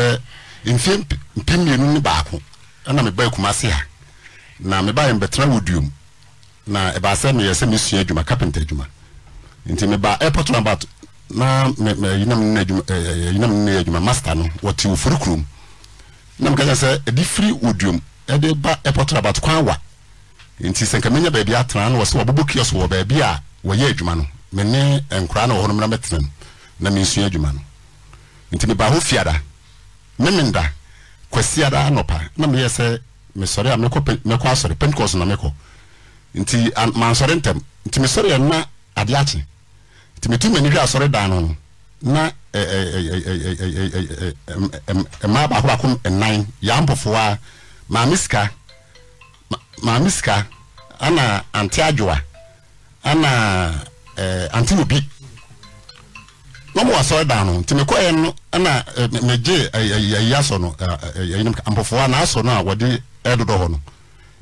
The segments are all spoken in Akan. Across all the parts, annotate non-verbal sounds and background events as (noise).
sɛ mfe mpe mmienu ne baako ɛna meba ekumase ha na meba yɛ mbɛtena woduom na ebaasa meyɛ sɛ mesua adwuma kapenta adwuma nti meba airport roundabout na me me yinam ne adwuma eh, eh, eh, adwuma master no wɔte ofori kurom na mekasa sɛ ɛde firi woduom ɛde ba airport roundabout kwan wa nti sɛ nka menya baabi atena na wɔsɛ wɔbobɔ kiosk wɔ baabi a wɔyɛ adwuma no me ne nkora na wɔ hɔ no mɛtena mu na mesua adwuma no nti meba hɔ fiada memenda kwasi ada anopa na meyɛ sɛ me sori ameko meko asori pentecost na meko nti mansɔre ntem nti me sori na adiachi nti me m'ani hwa asɔre dan no na e baako baako nnan yaa mpɔfoa maame sika maame ma ana e ma miska ana eh obi na mo wasɔre dan no nti mekɔɛ no na eh, megye eh, eh, ayi asɔ no mpɔfoɔ ana asɔ no a wɔde ɛdodɔ hɔ no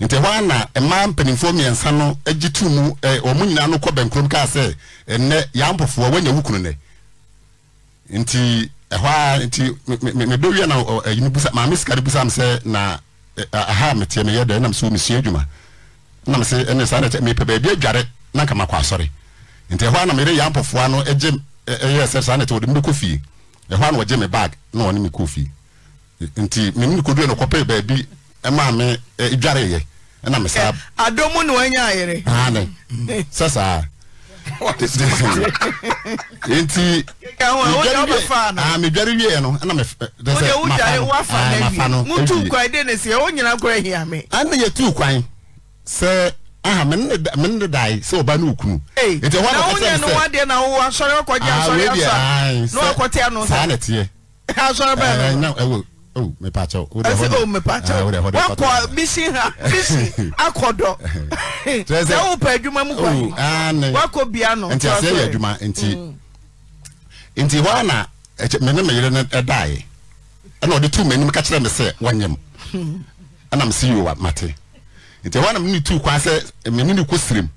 nti hɔ ana mmaa mpanimfoɔ mmiɛnsa no agye tu mu wɔn nyinaa no kɔ bɛnkurom kaa sɛ ɛnɛ yɛn mpɔfoɔ wɔnyɛ wukunu nɛ nti ɛhɔ a nti medo wia na ɛyi no busa maame sika no busa mi sɛ na aha meteɛ meyɛ dɛ ɛnam so mesua adwuma ɛnam sɛ ɛne saa na ɛkyɛ mepɛ baabi adware na nka makɔ asɔre nti ɛhɔ a na mede yɛn mpɔfoɔ no agye ɛyɛ eh, eh, sɛ saa nɛte wɔde mbɛkɔ fie ɛhɔ ana ɔgye me bag na ɔne me kɔ fie nti mene ne kɔdua no kɔpɛ baabi ɛmaa eh, me dwareyɛ ɛna me saa adɔmu na wanya ayere ane ah, sɛ saa nti medware wieɛ no ɛnamɛfa ah, no ɛne ah, yɛtuu kwan sɛ aha mene ne dae sɛ ɔba ne okunu nti hɔsaa ne ah, teɛ (laughs) ah, oh, mepakyɛw wodewakɔ oh, ah, misi ha fisi (laughs) akɔdɔ sɛ wopɛ adwuma mu kwawakɔ oh, bia no nti aseɛ yɛ adwuma nti mm. nti hɔ a na mene me yere no ɛdaeɛ ɛna ɔde too m'anim ka kyerɛ me sɛ wɔnyem hmm. ɛna mese yowa mate nti ɛhɔ na mi tu kwan sɛ mɛmi ni kɔ sirim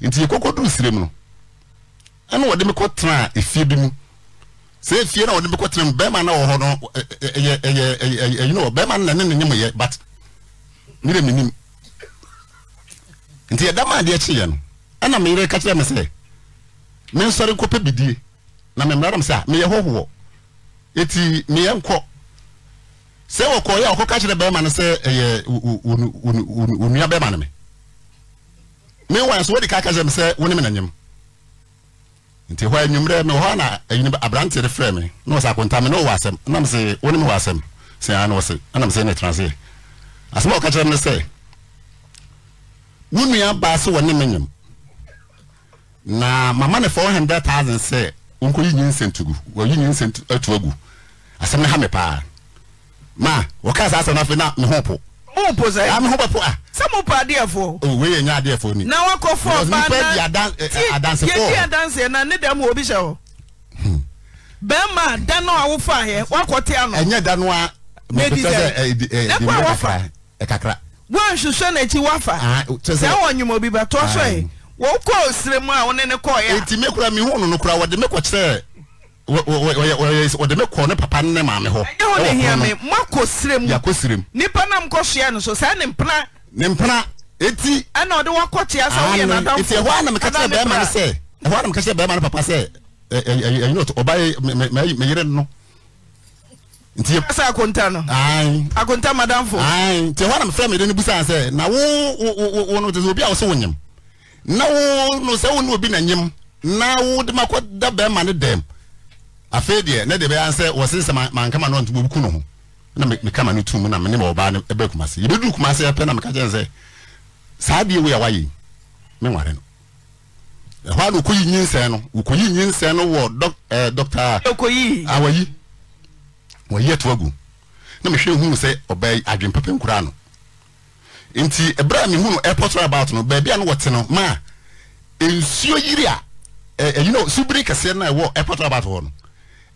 nti yɛ kɔkɔ duru sirim no ɛna wɔde mi kɔ tena efie bi mu sɛ efie na wɔde mi kɔ tena mu bɛrima na wɔ hɔ no ɛyɛ ɛyɛ ɛyɛ ɛyɛ no bɛrima na ne ne nim yɛ but mi na mi nim nti ɛda maa deɛ kyi yɛ no ɛna mi yɛrɛ kakyɛ mi sɛ mi nsɔre nkɔpɛ bidie na mi mmerɛ mi sɛ ah, mi yɛ hɔhoɔ eti mi yɛ nkɔ. sɛ wɔkɔyɛ a wɔkɔka kyerɛ bɛrima no sɛ ɛyɛ onua bɛrima no me meanwhile nso wɔde ka ka kyerɛ me sɛ na nti hɔ anwummerɛ me hɔ na ɛyini de frɛ me na akonta me ne wowɔ asɛm nam sɛ wo ne me wɔ asɛm sɛ ana sɛ ne asɛm a wɔka kyerɛ me ne sɛ wo nua baa sɛ wɔ ne me nyam na mama ne wɔyi atu agu asɛm ne ha me paa ma wɔka saa asɛm no afei na me ho po mpo sɛ a. Ah, ho pa a ah. sɛ mopɛ adeɛfoɔ oh, wei ɛnya adeɛfoɔ ni na wakɔfoɔ ɔbaayɛdi eh, adanseɛ na ne dɛm obi hyɛ hɔ hmm. bɛrima da no a wofa yɛ wakɔte ano ɛnyɛ da no a mɛpɛ sɛ eh, eh, kakra woanhwehwɛ n'akyi wafa ah, sɛ wɔ nwuma obi bɛtoɔ so ɛ wɔkɔɔ serɛ mu a wo ne ne kɔɔyɛ ɛnti wɔde me kɔ ne papa ne maame hɔ ɛnyɛ hɔ ne hia me moakɔ serɛ mu yɛakɔ serɛ mu nnipa na mkɔsoa no so saa ne mpena ne mpena ɛti ɛna ɔde woakɔ tea sɛ woyɛ nadamfoɛti ɛhɔ a na meka kyerɛ bɛrima no sɛ ɛhɔ a na meka kyerɛ bɛrima no papa sɛ ɛyɛ ɔba meyere no nti sɛ akonta no akonta madamfo nti ɛhɔ a na mefrɛ mede no busaa sɛ na wo no te sɛ obi a wo sɛ wonyem na wo no sɛ wo ne obi na nyem na wo de makɔda bɛrima no dɛm afei deɛ ne de bɛyɛ ansɛ wɔsi sɛ mankama no ɔntu buku no ho na me kama no tum na me ne ma ɔbaa no ɛbɛ kumase ebi du kumase ɛpɛ na meka kyɛn sɛ saa deɛ wo yɛ wayɛ me nware no ɛhɔ a na okoyi nyinsɛn no okoyi nyinsɛn no wɔ dɔk ɛɛ dɔkta okoyi awayi wɔyi ɛto agu na mehwɛ hu sɛ ɔbaa yi adwene pɛpɛ nkura no nti ɛbrɛ a mehu no airport rabat no baabi a no wɔte no maa nsuo yiri a ɛyi no subiri kɛseɛ no a ɛwɔ airport rabat hɔ no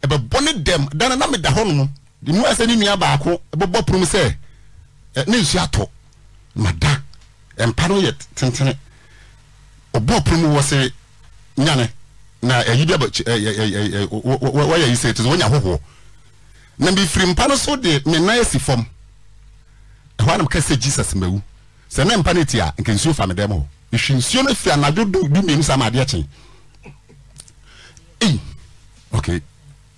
ɛbɛbɔ ne dɛm dana na meda hɔ nom de mu ɛsɛ ne nua baako ɛbɛbɔ pono mu sɛ eh, ne nsu atɔ mada mpa no yɛ tentene ɔbɔ pono mu wɔ se nyane na ɛyi bi abakyi ɛɛ ɛɛ ɛɛ wɔyɛ yi sɛ ɛte sɛ wɔnya ahohoɔ na mfiri mpa no so de ne nan esi fam ɛhɔ anam kɛse jesus mɛwu sɛ ne mpa no ti a nka nsuo fa me dɛm hɔ ehwi nsuo no fi anadwo du du mmienu sa ama adeɛ kyɛn eyi okay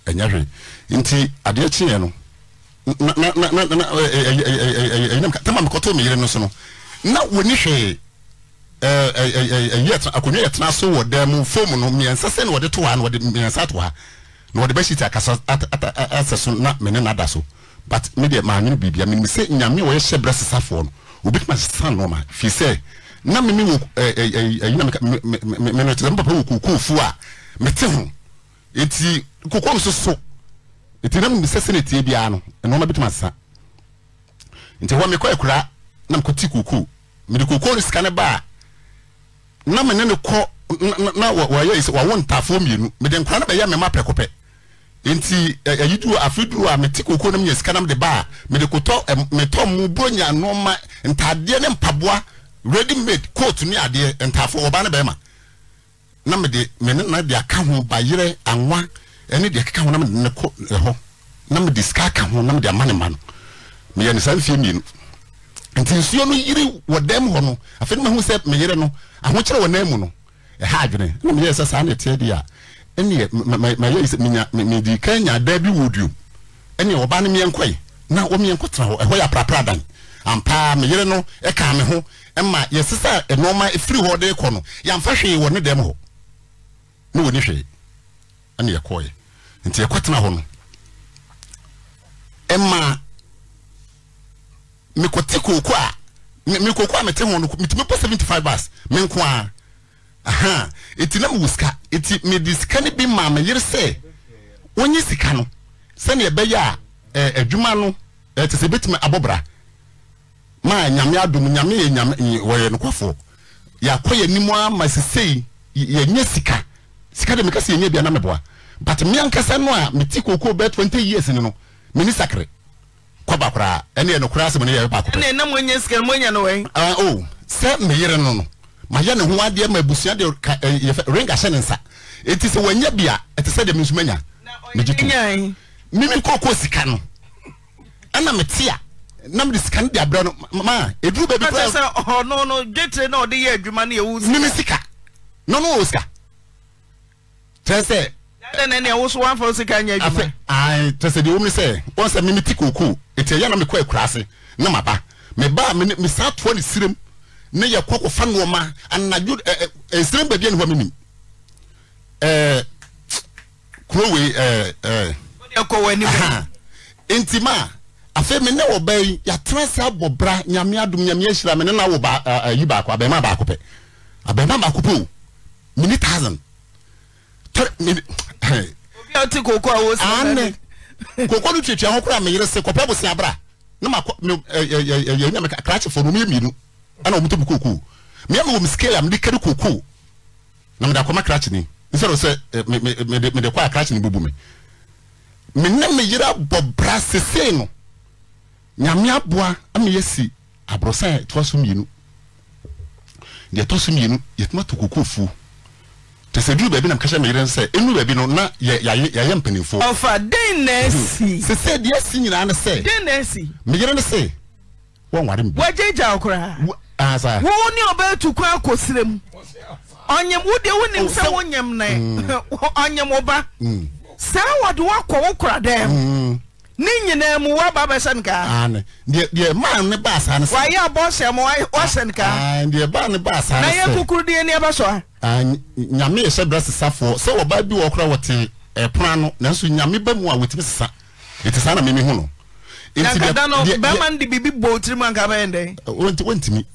ɛnyɛ hwee nti adeɛ kyeeɛ no na na na na na ɛyinam ka tama mekɔtɔ me yere no so no na wɔni hwee akonnwa yɛtena so wɔ dan mu fom no mmiɛnsa sɛ na wɔde to ha na wɔde mmiɛnsa to ha na wɔde bɛhyɛ ti akasa asɛ so na mene na da so but me deɛ maa nwene biribia menim sɛ nyame a wɔyɛ hyɛ berɛ sesafoɔ no obi ma sesa nɔɔma firi sɛ na meme wɔ ɛyinam ka mene sɛ mpapa wɔ kukuufu a mete ho eti koko nso so eti nam mi sɛsɛ na etie biara no nneɛma bi tuma sa nti hɔ mi kɔ ekura nam ko ti koko mi de koko ne sika ne baa ne ne kɔ na wɔyɛ esi wɔawo ntaafoɔ mmienu mi de nkura ne bɛyɛ mɛma pɛkɔpɛ nti ɛyi duro afi duro a mi ti koko ne mi yɛ sika nam de baa mi de kotɔ ɛ mi tɔ mu bronya nneɛma ntaadeɛ ne mpaboa ready made coat ne adeɛ ntaafoɔ ɔbaa ne bɛrima na mede mene na de aka ho bayerɛ anwa ɛne de akeka ho na mede ne kɔ ɛhɔ na mede sika aka ho na mede ama ne ma no meyɛ ne saa mfie mmienu nti nsuo no yiri wɔ dan mu hɔ no afei ne ma ho sɛ me yere no ahokyerɛ wɔ nan mu no ɛha adwene na meyɛ sɛ saa ne teɛ deɛ a ɛneɛ mayɛ sɛ menya ka nya adaa bi wɔ duom ɛneɛ ɔbaa no meɛnkɔe na wɔmeɛnkɔ tena hɔ ɛhɔ yɛ aprapra dan ampaa me yere no ɛkaa me ho ɛma yɛsesa ɛnɔɔma ɛfiri hɔ de kɔ no yɛamfa hwee wɔ ne dɛm hɔ na wɔni hwɛ ɛna yɛkɔɔɛ nti yɛkɔ tena hɔ no ɛma mekɔte kooko a mekooko a mete ho no nti mepɔ 75 bars menko a aha eti na mewɔ sika eti mede sika no bi maa meyere sɛ wɔnye sika no sɛnea ɛbɛyɛ a adwuma no ɛte sɛ ɛbɛtumi abɔbra ma nyame adom nyame yɛ nyame wɔyɛ nokwafoɔ yɛakɔ yɛ anim a ma sesei yɛnyɛ sika sika de mekasa yɛnyɛ biana meboa but me ankasa no a meti kooko bɛ 20 years ni no meni sakere kɔba koraa ɛne yɛ nokora asɛm ne yɛ baako pɛ na moanya sika no moanya no wɛn ah o oh, sɛ meyere no no mayɛ ne ho adeɛ ma abusua de eh, ring ahyɛ ne nsa enti sɛ wanya bi a ɛte sɛ deɛ menso manya megye to meme kɔkɔ sika no ɛna mete a na mede sika no de abrɛ no ma ɛduru baabi sɛ ɔno no dwetire na ɔde yɛ adwuma no yɛwu meme sika no no wɔ sika tẹsẹ. yàda nani ẹwọ so wọn afọ sika nyẹ adwuma. ayi tẹsẹ de omi sẹ wọn sẹ mímí ti kòkó etí ẹyà náà mi kọ ẹkura ase ne ma ba mẹ ba mi mi sá tó ni sirem ne yẹ kọ kọ fa nneọma anadu ẹ ẹ nsirem bẹbi ẹni hɔ mi nim ẹ kuro wei ẹ ẹ. ẹ kọ wọ ẹni bẹẹ. ntima afei mi ne wɔ bɛɛ yi yàtúrà sẹ bra nyamia dum nyamia ehyira mi ne na wɔ ba ẹ yi baako abɛɛma baako pɛ abɛɛma baako pɛ o mi ni thousand obi a ti koko a wosi. ane koko no tuatua ho mi meyere se kɔpɛ bosi abira ne ma kɔ me ɛ ɛ ɛ yɛnyɛ mi krakye fo no mi mienu ɛna wɔn to bu koko mìíràn wò mu scale a mi de kari koko na mi de akɔma krakye ni nsɛn o sɛ ɛ mi eh, mi mi de mi de kɔ a krakye ni bubu mi mi ne mi yere bɔ bra sese no nyame aboa ama yɛ si aborɔsan yɛ to so mienu deɛ to so mienu yɛ tuma to koko fuo te sɛ duru baabi na mekasa meyere no sɛ ɛnu baabi no na yɛayɛ mpanimfoɔ ɔfa den na asi sɛ sɛ deɛ asi nyinaa ne sɛ den na asi meyere no se wɔnware mbi wagyagya wo koraa sa wowo ne ɔbɛatu kwan akɔ serɛ mu ɔnyem wo deɛ wonim sɛ wonyem ne ɔnyem wo ba mm. saa wɔde woakɔ wo kora dɛm ne nyinaa mu waba bɛsɛ nkaa ane deɛ deɛ maa ne ba asa ne sɛ wayɛ abɔsɛ mu wasɛ nkaa deɛ ba ne ba asa ne sɛ na yɛ kukuru deɛ ne ɛbɛsɔ a nyame yɛ hyɛ brɛ sesafoɔ sɛ wɔba bi wɔ kora wɔte ɛpono eh, ano nanso nyame ba mu a wɔtumi sesa ɛte saa na mimi ho no nankada no bɛrima no de biribi bɔ otiri mu anka bɛyɛ dɛn eh, wɔntumi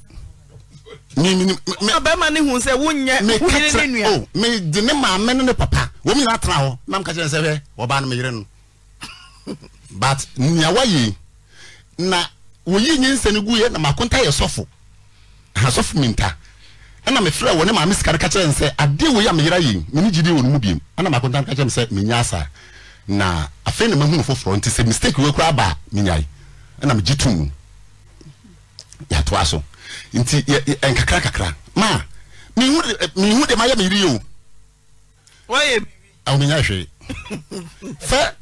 bɛrima ne hu sɛ wonyɛ woyere ne nua oh, mede ne maame ne ne papa wɔm nyinaa tena hɔ na mka kyerɛ (laughs) but nea wayɛ na woyi nyinsɛn no guiɛ na makonta ye sofo ha sofo minta ana me mefrɛ wɔ ne maame sikare ka kyerɛ n sɛ adeɛ wei a meyera yei mene gyidi wɔ no mu ana makonta ka kyerɛ m sɛ menya asa na afei na mahunu foforɔ nti sɛ mistake wei kura ba a menyae ana me to mu ya to aso nti en kakra kakra ma me me hu hu de mayɛ meyere yɛ o me nya hwee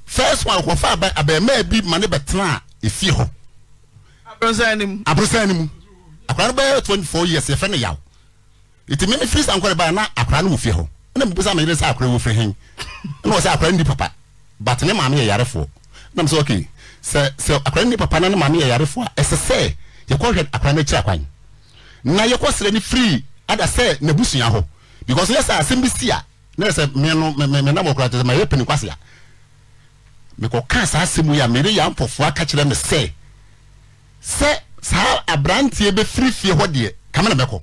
first one kɔfa abɛɛmaa bi ma ne bɛtena efie hɔ aborosan anim akwadaa no bɛyɛ twenty four years yɛfɛ ne yaw eti mímu firi san kɔrɔ ba na akwadaa no wɔ fie hɔ ɛna mbɛ sɛ amayere sɛ akwadaa wɔ fie hɛn ɛna wɔ sɛ akwadaa no di papa but ne maame yɛ yarefoɔ ɛna sɛ okay sɛ sɛ akwadaa no di papa na ne maame yɛ yarefoɔ a ɛsɛ sɛ yɛkɔ hwɛ akwadaa no akwan na yɛkɔ srɛ ne firi ada sɛ n'abusua hɔ because yɛ sɛ asɛm bi si a ne sɛ me no me nam ɔkora te sɛ mayɛ pani kwasea mekɔka saa asɛm yi a mede yɛ mpɔfoɔ aka kyerɛ me sɛ sɛ saa aberanteɛ bɛfiri fie hɔ deɛ kame na mɛkɔ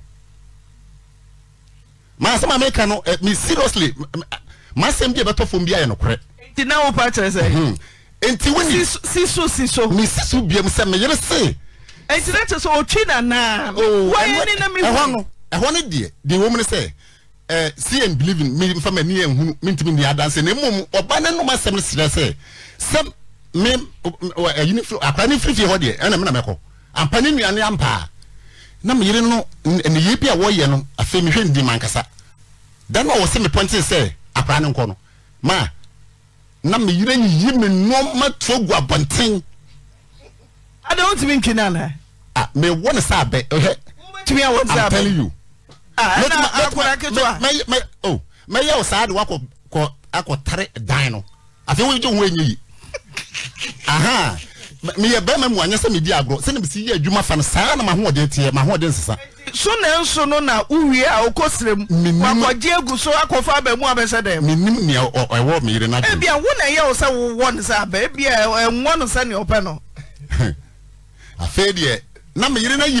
maasɛm a meka no eh, me seriously maasɛm bi a e ɛbɛtɔ fam bi no nokorɛ ti na wo wopa kyerɛ sɛ mhm. nti woni si so si so me si so biam sɛ meyere se nti na kyerɛ sɛ o twi na ne na mehu ɛhɔ no ɛhɔ no deɛ deɛ wɔ mu ne sɛ eh, see and believe in me from any who mean to me the other and mum or by no my seven say some me or eh, a uniform a planning fifty holiday and a manamico. Ah, I'm planning me an ampa. Nam you didn't know in the Yipia war yeno a famous in the Mancasa. Then I was semi pointing say a planning corner. Ma Nam you didn't yim no matro guabanting. I don't mean Kinana. Ah, me one abe, Okay. To me, I want to tell you. Ah, oh, mɛyɛ wo saa de woakɔtare dan no afei woyɛ wo ɛnyɛ yi (laughs) aha meyɛ bɛrima mu anyɛ sɛ medi agorɔ sɛne mesi yɛ adwuma fa no saa na mahoɔden teɛ mahoɔden sesa so na nso no na wowie a wakɔgye agu so akɔfa aba mu abɛsɛ dɛ menim nea ɛwɔ meyere no wo na ɛyɛ wo sɛ wowɔ no sɛ aba ɛwɔ no sɛ ɔpɛ no (laughs) afei deɛ na meyere no ayi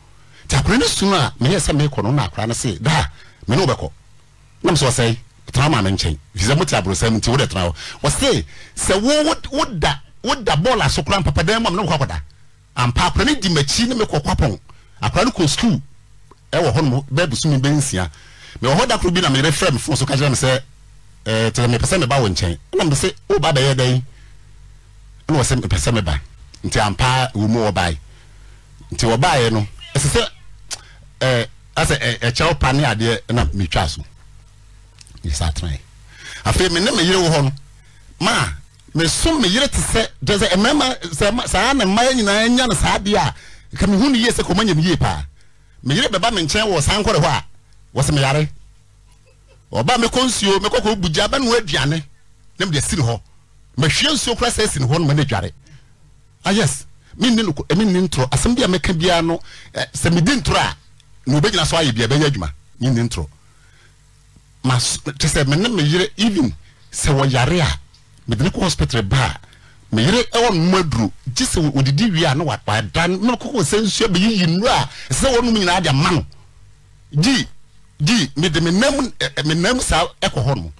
nti akora no sunu a meyɛ sɛ mekɔ no na akora no se daa me ne wobɛkɔ nam sɛ ɔsɛe tena ma me nkyɛn firi sɛ mote aborɔsɛm nti wode tena hɔ ɔse sɛ woda woda bɔɔl aso kora mpapa dan mu a wokɔ akɔda ampa akora no di m'akyi ne mekɔ kwapɔn akora no kɔ skul ɛwɔ hɔ nom bɛbusumi bɛnsia mewɔ hɔ da koro bi na meyerɛ frɛ me fon so ka kyerɛ me sɛ eh, tẹlɛ mepɛ sɛ meba wo nkyɛn ɛna mepɛ woba bɛyɛ dɛn ɛna wɔ sɛ mepɛ sɛ meba nti ampa wɔ mu wɔbae nti wɔbaeɛ no ɛsɛ sɛ ɛɛ asɛ ɛ ɛkyɛw pa ne adeɛ ɛna metwa so yɛsa tena yi afei me ne me yere wɔ hɔ no maa me so me yere te sɛ te sɛ mmarima sɛ saa na mmaa nyinaa nya no saa adeɛ a ka me hu no yie sɛ kɔma nya me yie paa me yere bɛba me nkyɛn wɔ saa nkɔre hɔ a wɔsɛ me yare ɔbaa me kɔ nsuo me kɔkɔ bu gya bɛnua aduane ne me de si ne hɔ mehwie nsuo kora sɛ si ne hɔ no ma ne dware ah yes menne no ɛmi nne ntorɔ asɛm bi a mɛka biara no eh, sɛ medi ntorɔ a na obɛgyina so ayɛ bia bɛyɛ adwuma menne ntorɔ ma te sɛ me ne me yere even sɛ wɔyare a mede ne kɔ hospital ba a me yere ɛwɔ nom aduro gye sɛ wɔdidi wie a na wadan mene kɔkɔ sɛ nsua bɛyiyi nnuro a ɛsɛ sɛ wɔnom nyinaa de ama no gyi gyi mede menam eh, eh, saa ɛkɔ hɔ no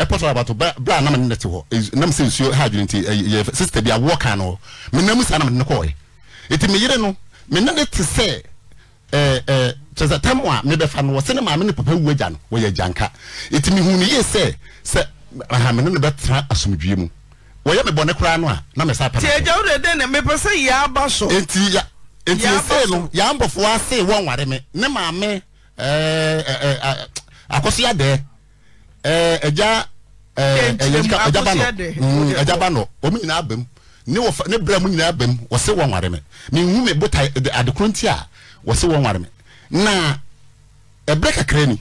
ɛpɔ so abato bra anam ne nɛte hɔ nam sɛ nsuo ha adwene nti eh, yɛ sister bi awoɔ kan no hɔ menam saa nam ne kɔɔɛ ɛti meyere no mena ne te sɛ eh, eh, kyɛ sɛ tam a mebɛfa no wɔ sɛ ne maame ne papa wu agya no wɔyɛ agyanka ɛti mehu no yie sɛ sɛ aha mene ne bɛtena asomdwie mu wɔyɛ me bɔne koraa no a na mɛsa pɛtiagya wode dɛ ne mepɛ sɛ enti ya enti ɛsɛ no yɛambɔfoɔ asee wɔnware me ne maame akɔso yɛ ɛgya ɛgya ba no ɛgya ba no omi nyinaa bɛm ne wɔ ne bɛrɛ mu nyinaa bɛm wɔsi wɔn ware mi mi hu mi adekoro nti a wɔsi wɔn ware mi na ɛbrɛ kakra ni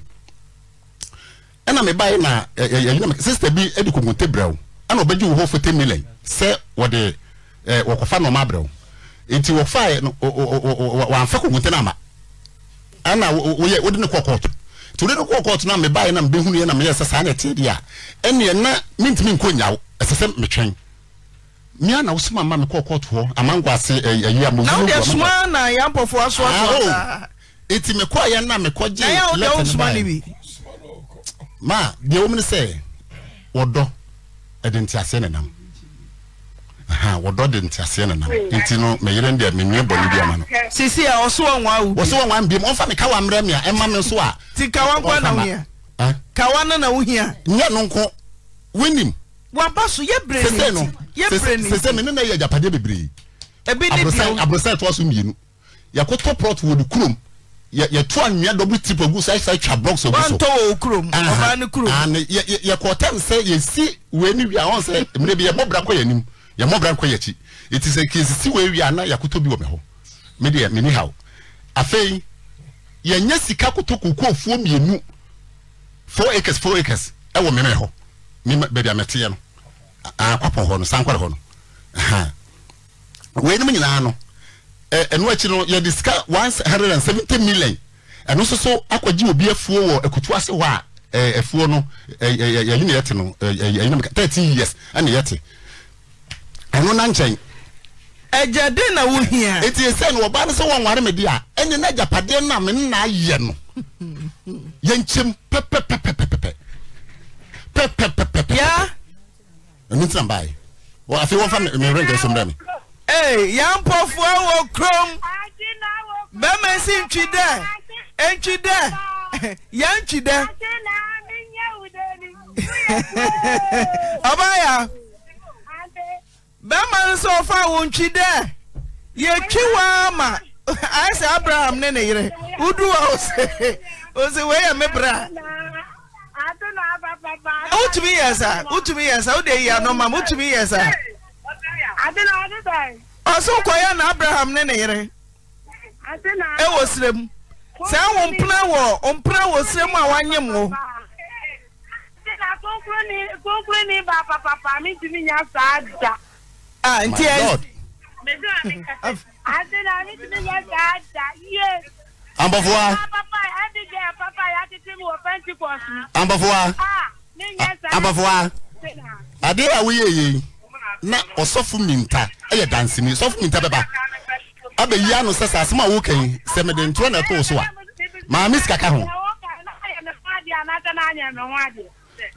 ɛna mi ba yi na ɛyinam sista bi ɛdi kokonte na o ɛna ɔbɛgye wɔ hɔ fote million sɛ wɔde ɛɛ wɔkɔfa nɔɔma brɛ o wɔfa yɛ no ɔ ɔ ɔ wɔanfa kokonte n'ama ɛna wɔyɛ wɔde ne torí ne kɔɔ kɔɔto na meba yɛ na mbɛhunu yɛ na meyɛ sɛ saa na ɛte deɛ a ɛneɛ na mentumi nkɔ nyawo ɛsɛ sɛ metwɛn mia na wosoma ma me kɔɔ kɔɔto hɔ amango ase ɛyi a mowuwuwuwa na yɛ mpɔfoɔ aso ah, aso oh. ata eti mekɔɔ yɛ na mekɔ gye lɛtɛ ne ba yɛ ma deɛ wɔm ne sɛ wɔdɔ ɛde nteaseɛ nenam wɔdɔ de nteaseɛ nenam nti no meyere deɛ menua bɔne bi ama no sisi a ɔso wɔ nwa wo ɔso wɔ nwa mbiam ɔmfa me kawa mmerɛ me a ɛma me nso a ti kawa nkwa na wohia kawa no na wohia nyɛ no nko wonim waba so yɛ brɛ sesɛ no sesɛ me ne na yɛ agyapadeɛ bebree ebi ne bio abrɔsɛ ɛtoa so mmienu yɛkɔtɔ plot wɔ ne kurom yɛto anwea dɔbɔ tip ogu so ayisa atwa blɔks ogu so. wɔntɔ wɔ kurom ɔbaa ne kurom. yɛkɔ tɛm sɛ yɛsi wɛni wi a wɔn sɛ mmerɛ bi yɛbɔ bra kɔ yɛn nim. yɛmɔ bra nkɔ yɛkyi ɛti sɛ kesisi wɔ awie ana ya bi wɔ meho hɔ ya mini hao afei yɛnyɛ sika koto ufuo mienu 4 acres 4 acres ɛwɔ meme hɔ mema baabi a meteɛ no akwapɔ hɔ no sankware hɔ no wei nom nyinaa no ɛno akyi no yɛde sika one hundred and seventy million ɛno nso so akɔgye obi afuo e, akutu ase hɔ a ɛfuo e, e no yɛyi na yɛte no ɛyinam e, thirteen years ɛna yɛte ɛno na nkyɛn. ɛgya den na wohia. eti esɛ no ɔbaa no wɔn wari mi di a ɛne na japadeɛ na mi na ayɛ no yɛn nkyɛn pɛpɛpɛpɛpɛpɛ pɛpɛpɛpɛpɛ. ya. ɛnu ti na ba yi wɔ afi wɔn fa mi mi rɛnkɛ so mbɛ mi. ee yan pɔfuwa wɔ kurom bɛmɛ si ntwi dɛ ntwi dɛ yan ntwi dɛ. ɔbaa ya bɛrima nso ɔfa wontwi dɛ yɛtwi waa ma ayɛ sɛ abraham ne ne yere wodu a ose ose wɔyɛ me bra wotumi yɛ sa wotumi yɛ sa wode yi ano mam wotumi yɛ sa ɔso kɔyɛ na abraham ne ne yere ɛwɔ serem saa wo mpena wɔ mpena wɔ serem a wanyem wo kónkóni ba papapa mi ti mi yàn sáà da. ah nti ẹ. Ambafuwa. Ambafuwa. Ambafuwa. Adeɛ a woyɛ yie na ɔsɔfo minta ɛyɛ dansini sɔfo minta bɛba abɛyi ano sɛ sɛ asɛm a wokan sɛ mede ntorɔ na ɛtoo so a maame sikaka ho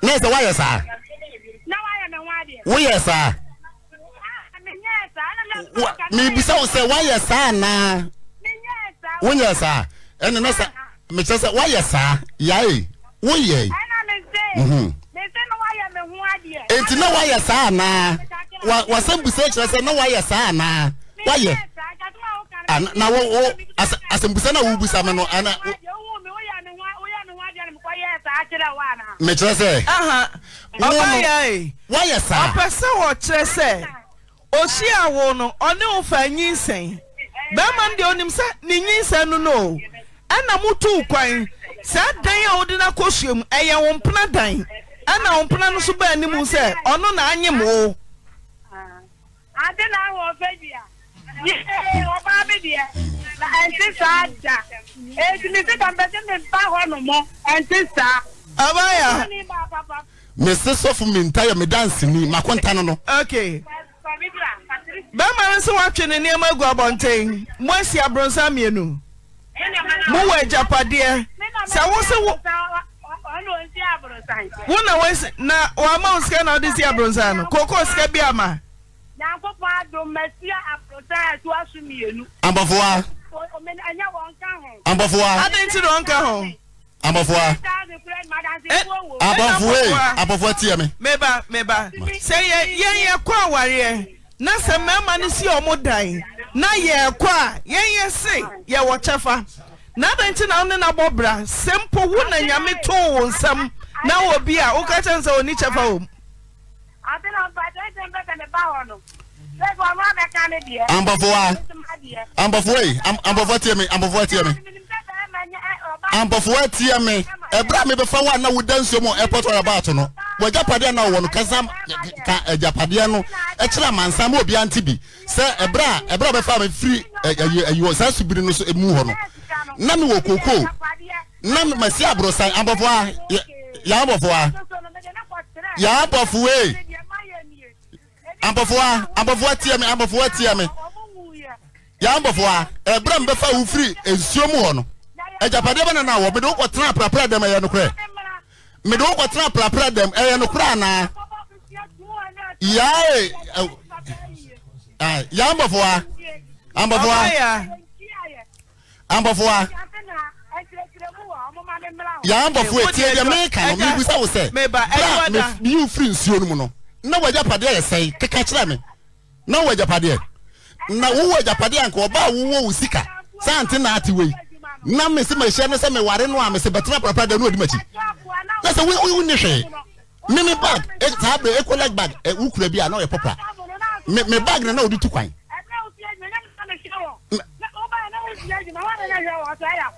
na ɛsɛ woayɛ saa woyɛ saa mibisa wo sɛ woayɛ saa anaa wonyɛ saa ɛne no sɛ mekyerɛ sɛ woayɛ saa yae woyɛi enti na woayɛ saa anaa wasɛm busa e kyerɛ sɛ na woayɛ saa anaa woayɛ na wo asɛmbusa no a wobusa me no ana mekyerɛ sɛ woayɛ saa ɔpɛ sɛ wɔkyerɛ sɛ osi awo no ɔne wofa nyinsɛn bɛrima no deɛ onim sɛ ne nyinsɛn no no o ɛna motuu kwan saa dan a wode no akɔ suam ɛyɛ wo mpena dan ɛna wo mpena no so baa anim sɛ ɔno na anyem wo ɔbaa bi deɛ na ɛnte saa da ɛtumi sɛ dɔmpɛsɛ mempa hɔ no mɔ ɛnte saa abaya mese sɔfo menta yɛ medanseni makɔnta no no okay. bẹẹma nso watwe ne nneɛma gu abɔnten mo asi aburonsa mmienu mo wɔ agyapadeɛ sɛ wo sɛ wo wo na wɔsi na wɔama wo sika na wɔde si aburonsa no kooko sika bi ama. abɔfoa. abɔfoa. adi nti na wɔn ho abɔfoa abɔfoa abɔfoa tiɛ mi. meba meba sɛ yɛ yɛn yɛ kɔ awareɛ na sɛ mmarima no si ɔmo dan na yɛ kɔ a yɛn yɛ se yɛ wɔ kyɛfa na adɛ nti na ɔne na bɔ bra sɛ mpo wo na nyame too wo nsɛm na wɔ bi a woka kyɛn sɛ ɔni kyɛfa wɔ mu. ambɔfoa ambɔfoa tia mi ambɔfoa tia mi ampɔfo atia me ɛberɛ a mebɛfa wo a na woda nsuo mu airport oil bato no wagyapadeɛ na wowɔ no kasa ka agyapadeɛ eh, no ɛkyerɛ eh, amansa ma obia nte bi sɛ ɛberɛ a ɛberɛ a bɛfa me firi ayiwɔ saa subiri no so mu hɔ no na mewɔ kokoo na masi aborosan ampɔfo a yɛn abɔfo a yɛn abɔfo ee eh. abɔfo a abɔfo atia me abɔfo atia me yɛn abɔfo a ɛberɛ a mebɛfa wo firi nsuo mu hɔ no agyapadeɛ bɛ nana wɔ mede wokɔ tena aprapra dɛm ɛyɛ nokorɛ mede wokɔ tena aprapra dɛm ɛyɛ nokorɛ anaa yae yaa mbɔfoa ambɔfoa ambɔfoa yaa mbɔfoa tie deɛ meka no mebisa wo sɛ bra meyi mfiri nsuo no mu no na wagyapadeɛ yɛ sɛe keka kyerɛ me na wɔ agyapadeɛ na wowɔ agyapadeɛ anka ɔba a wowɔ wo sika saa na ate wei na mesi ma ehyia ne sɛ me ware no a mesi bɛtena papa da no odi m'akyi na sɛ wo ne hwee me me bag e, saa bɛ ekolɛg bag e, wo kura bi a na ɔyɛ pɔpra me me bag na na odi tu kwan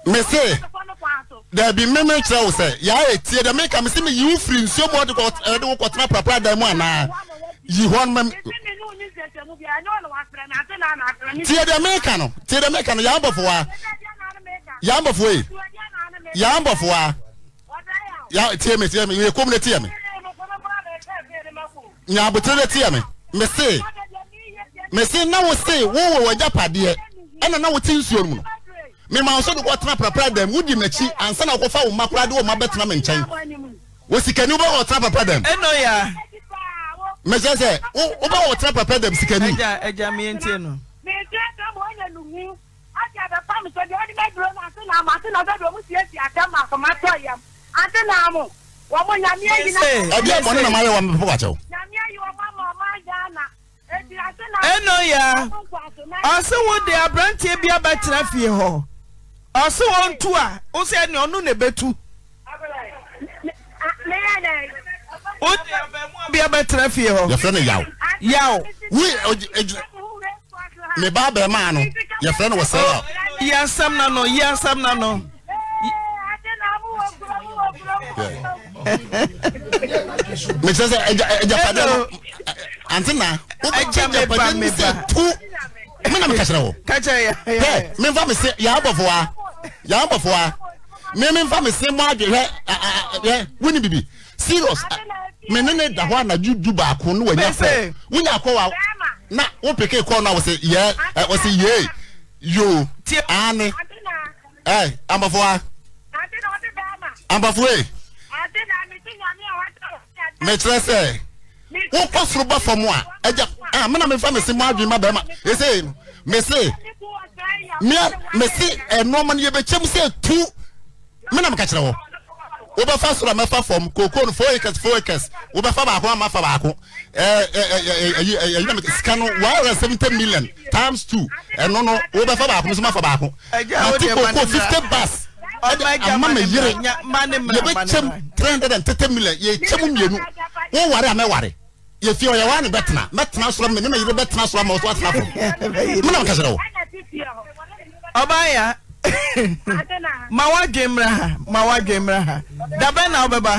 mese dabi mmemme kyerɛ wo sɛ yaa etie dɛ meka mese me yiwu firi nsuo mu ɔde kɔ ɛde wo kɔtena papa da mu anaa yi hɔ no tie dɛ meka no tie dɛ meka no yaa bɔ fo wa yà ń bọ̀ fún yìí yà ń bọ̀ fún wa yà tiẹ̀ mi tiẹ̀ mi yẹ kó mi lè mi nyabotire lè tiẹ̀ mi mi sè mi sè na wo sè wo wò wò ɛna na wo ti nsuo mu no mi ma nso de kɔ tena papra dɛm wo di ansa na akɔfa wo ma kora de wo ma bɛ tena mi nkyɛn wo sikani wo bɛ wɔ tena papra dɛm. ɛnɔ ya. mɛ sɛ sɛ wo bɛ wɔ tena papra dɛm sikani. ɛja ɛja mi yɛn no. mi tiɛ sɛ mo ɔnyɛ nuhu na bɛfa me sɛ deɛ wode bɛduro no ase na mo ase na ɔbɛduro mu siesie asɛm akomatɔ yam ante na mo wɔ mo nyameɛ yi na ɛdeɛ bɔne na mayɛ wɔ mepɛ wakyɛw nyameɛ yi wɔ ya ɔse wo de bi abɛtena fie hɔ ɔse wɔntu a wo sɛ ɛne ɔno na ɛbɛtu wo de abɛmua bi abɛtena fie hɔ yɛfrɛ no yaw yaw ne ba bɛrima no yɛfrɛ no wɔ sɛl out. yɛ asɛm na no yɛ asɛm na no. mekyerɛ sɛ e- agyapadeɛ e- no ante na wobɛkyɛ agyapadeɛ no sɛ tu me na meka kyerɛ wo bɛ memfa me se yɛabɔfoa yɛabɔfoa me memfa me se mɔ adwehwɛ wone bibi serious me ne da hɔ anadwo du baako ne wanya kɔ wonya akɔ wa na wọn pikin kọ na wọsi yẹ ẹ wọsi yẹ yo ani ẹ amafo a amafo e mẹtẹrẹ sẹ wọn kọ soro bá fọmù a ẹja ẹ mi na mi fa mi si mu adu ma bẹẹ ma ese mi si mi si ẹ nọọma ni yẹ bẹ kyẹ mi si etu mi na mi ka kyerẹ wọ wobɛfa soro mɛfa fam kooko no four acres four acres wobɛfa baako ama fa baako ɛyinam sika no one hundred seventy million times two ɛno no wobɛfa baako nso ma fa baako ati kooko fifty bars ɛde ama ma yere yɛbɛkyɛm three hundred and thirty million yɛkyɛm mmienu wɔn ware a mɛware yɛfi ɔyɛ waa ne bɛtena mɛtena soro mɛ ne ma yere bɛtena soro ama ɔso atena fam mena mo kɛsɛrɛ wo. ɔbaa ya ma wadwe mmra ha ma wadwe mmra ha dabɛn na wobɛba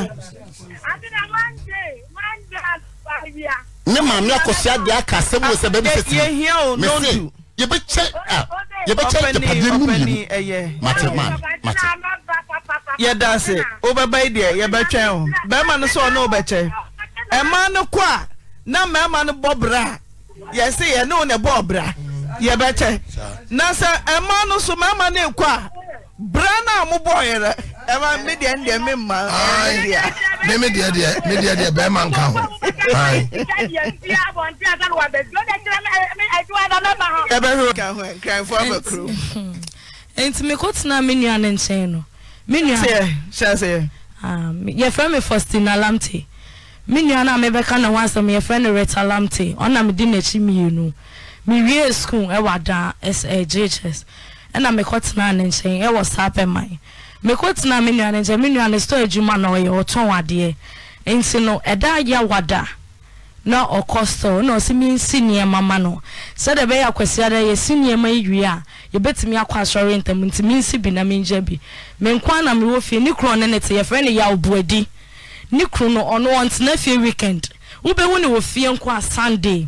ne maame akɔsi adi aka asɛm wɔ sɛ bɛbi ah, sɛ ti mɛsi yɛbɛkyɛ a yɛbɛkyɛ japadeɛ mu mienu mate ma mate. yɛda ase wobɛba yi deɛ yɛbɛtwɛn wo bɛrima no sɛ ɔne wobɛkyɛ ɛmaa no kɔ a na mmarima no bɔ bra a yɛse yɛne wo ne bɔɔ bra. Mm. yɛbɛkyɛ na sɛ ɛma no so mama no ɛkɔ a bra no a mobɔɔyerɛ ɛma me deɛ ndeɛ me mma ne me deɛ deɛ me deɛ deɛ bɛrima nka ho nti (laughs) mekɔtena me nua no nkyɛn no me nua yɛfrɛ me faustina lamte me nua no a mebɛka ne ho asɛm yɛfrɛ no reta lamte ɔna di n'akyi mmienu mewie school ɛwɔ eh, ada ghs eh, ɛna eh, mekɔ tena ne ɛwɔ saa pɛ man mekɔ tena me nkyɛn me nua ne store adwuma na ɔyɛ ɔtɔn adeɛ nti no ɛda ayɛ wada na ɔkɔ store na ɔsi nsi nneɛma no sɛdeɛ ɛbɛyɛ akwasi nneɛma yi wie a yɛbɛtumi akɔ asɔre ntam nti mi nsi bi na mi ngya bi me nkwa na mi wɔ fie ne kuro ne ne te yɛfrɛ ne yaw buadi ne kuro no ɔno ɔntena fie weekend wobɛwu sunday.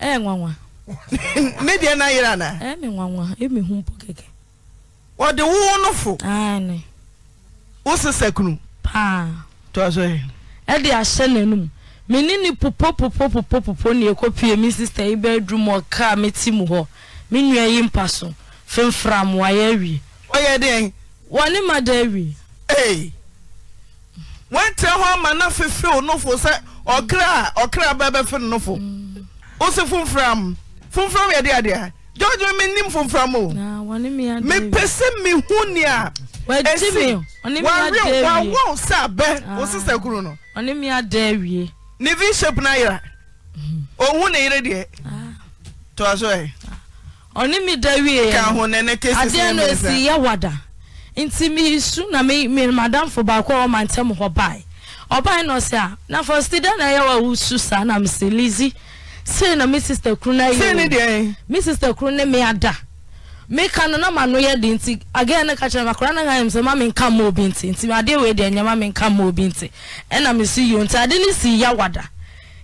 ẹ nwanwa. ne deɛ na ayera na. ẹ eh, mi nwanwa ẹ eh, mi hun po kẹkẹ. ɔde wo no fo. aani. Ah, wo sisa kunu. paa. to aso yi. ɛde eh, ahyɛ n'anum mene ne popo popo popo popo ne ɛkɔ pie me sista yi bɛaduru mu ɔkaa mete mu hɔ mi nua yi mpa so femfra mmoayɛ awie ɔyɛ dɛn wɔne ma da awie ei wɔntɛ hɔ ama na fefe wo nofo sɛ ɔkra a ɔkra bɛbɛfe no nofo mm. wose fomfram fomfram yɛde adeɛ george menim fomfram o mi mepɛ sɛ mehu ni a ɛsi wawerɛwawɔ sɛ abɛ wo sesa kuro no ne vi shap na ayera ɔhu ne yere deɛ toa so ɛ ɔne me da wieadeɛ no esi yɛ wada nti mesu na madamfo baako a ɔma ntɛm hɔ bae ɔbae no ɔsɛ a na fɔ sida na ɛyɛ wa wosu saa na mesɛ lizi sei na me sister kuru na yɛ me sister kuru ne me ada meka no na ma no yɛ de nti again ne ka kyerɛ ma koraa na ka yɛm sɛ ma me nka ma obi nti nti adeɛ wei deɛ nyɛ ma me nka ma obi nti ɛna me si yio nti ade ne si yawada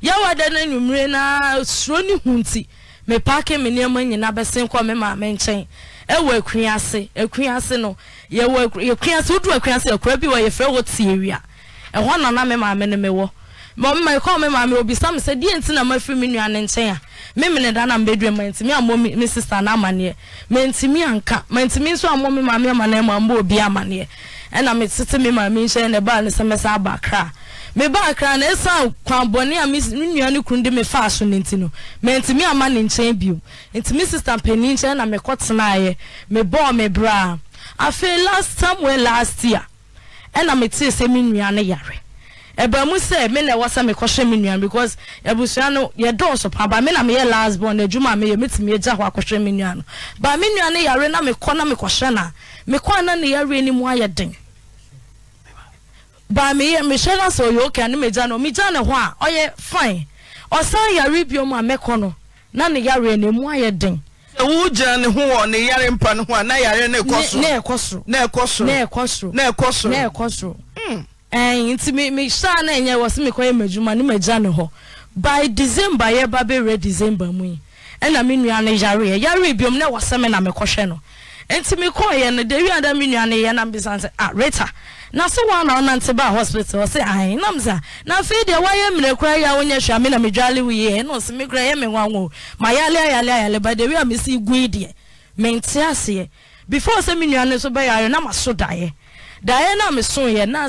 yawada no anwummere na suro ne hu nti mepaake me nneɛma nyinaa bɛsen kɔ me maame nkyɛn ɛwɔ akua ase akua ase no yɛwɔ akua ase wodu akua ase akura bi wɔ yɛfrɛ wɔ tiewia ɛhɔ na na me maame no mewɔ komema bia msɛ deti na ma menano a memna mea e a em a na meesɛ meano a ɛbɛn mu sɛ mi na ɛwɔ sɛ mi kɔhwɛ mi nua because abusua no yɛ dɔɔso paa ba mi na mi yɛ last born na a mi yɛ mi ti mi egya hɔ nua no ba mi nua no yare na mi kɔ na mi kɔhwɛ na mi kɔ na ne yare ni mu ayɛ ba mi yɛ mi hyɛ na sɛ ɔyɛ oke ani mi gya no mi gya ne ho a ɔyɛ fine ɔsan yare bi mu a no na ne yare ni mu ayɛ den. ewu ne ho wɔ ne yare mpa ne ho a na yare na ɛkɔ soro na ɛkɔ soro na ɛkɔ soro na ɛkɔ soro na ɛkɔ hmm. ɛn eh, mi mi saa na ɛnyɛ wɔ so mi mɛ adwuma ne mɛ gya ne hɔ by december yɛ ba bɛ wura december mu yi ɛna eh, na wɔsɛ mi na mi kɔhwɛ no mi yɛ no de wi ada mi na mi san sɛ ah, na so na ɔnante ba hospital ɔsɛ nam sa na deɛ mmerɛ kura a wɔnyɛ hwɛ na mi dwale wi yɛ ɛna mi kura yɛ mi nwanwo ma yale ayale ayale ba de wi a mi si gu yi deɛ mɛ nti aseɛ ma so daeɛ daeɛ na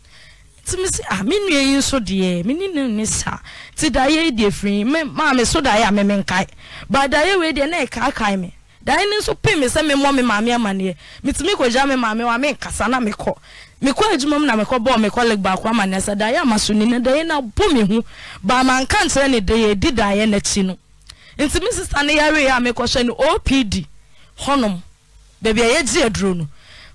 Ah, meode so a aam m sɛ meɔe memiaaɛi ɛ hɔno b yɛen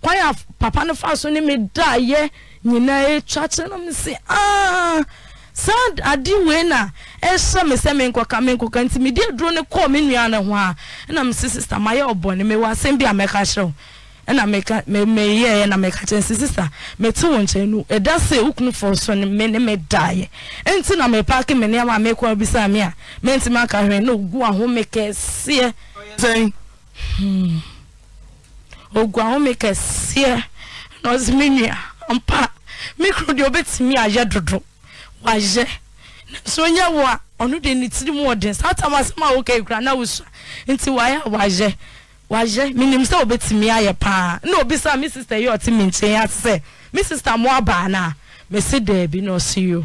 kwan a papa no fa so ne me da yɛ nyinaa atwa kyerɛ no me se aa ah, saa adi wei na ɛhyɛ me sɛ menkɔka menkɔka nti mede aduro no kɔɔ me nua no ho a ɛna mese sista mayɛ ɔbɔne mewɔ asɛm bi a mɛka kyerɛ wo ɛna meyɛɛ na meka kyerɛ sɛ sista mete wo nkyɛn no ɛda sɛ wokunu fɔ so no me ne medaeɛ ɛnti na mepaake me nneɛma a mekɔ bisa me a mentimi aka hwɛ na ogu ahome kɛseɛ sɛn hmm. ogua ho me kɛsiɛ nze menua mpa me krodeɛ obɛtimi ayɛ dodo w ya wo ɔno de ne tiri muɔden satamsm akkans nti wɛw meni sɛ wobɛtimi ayɛ paa na bisa me sista yɛɔte mekyɛ ase sɛ me siste moabaano a mɛse dɛabi nɔs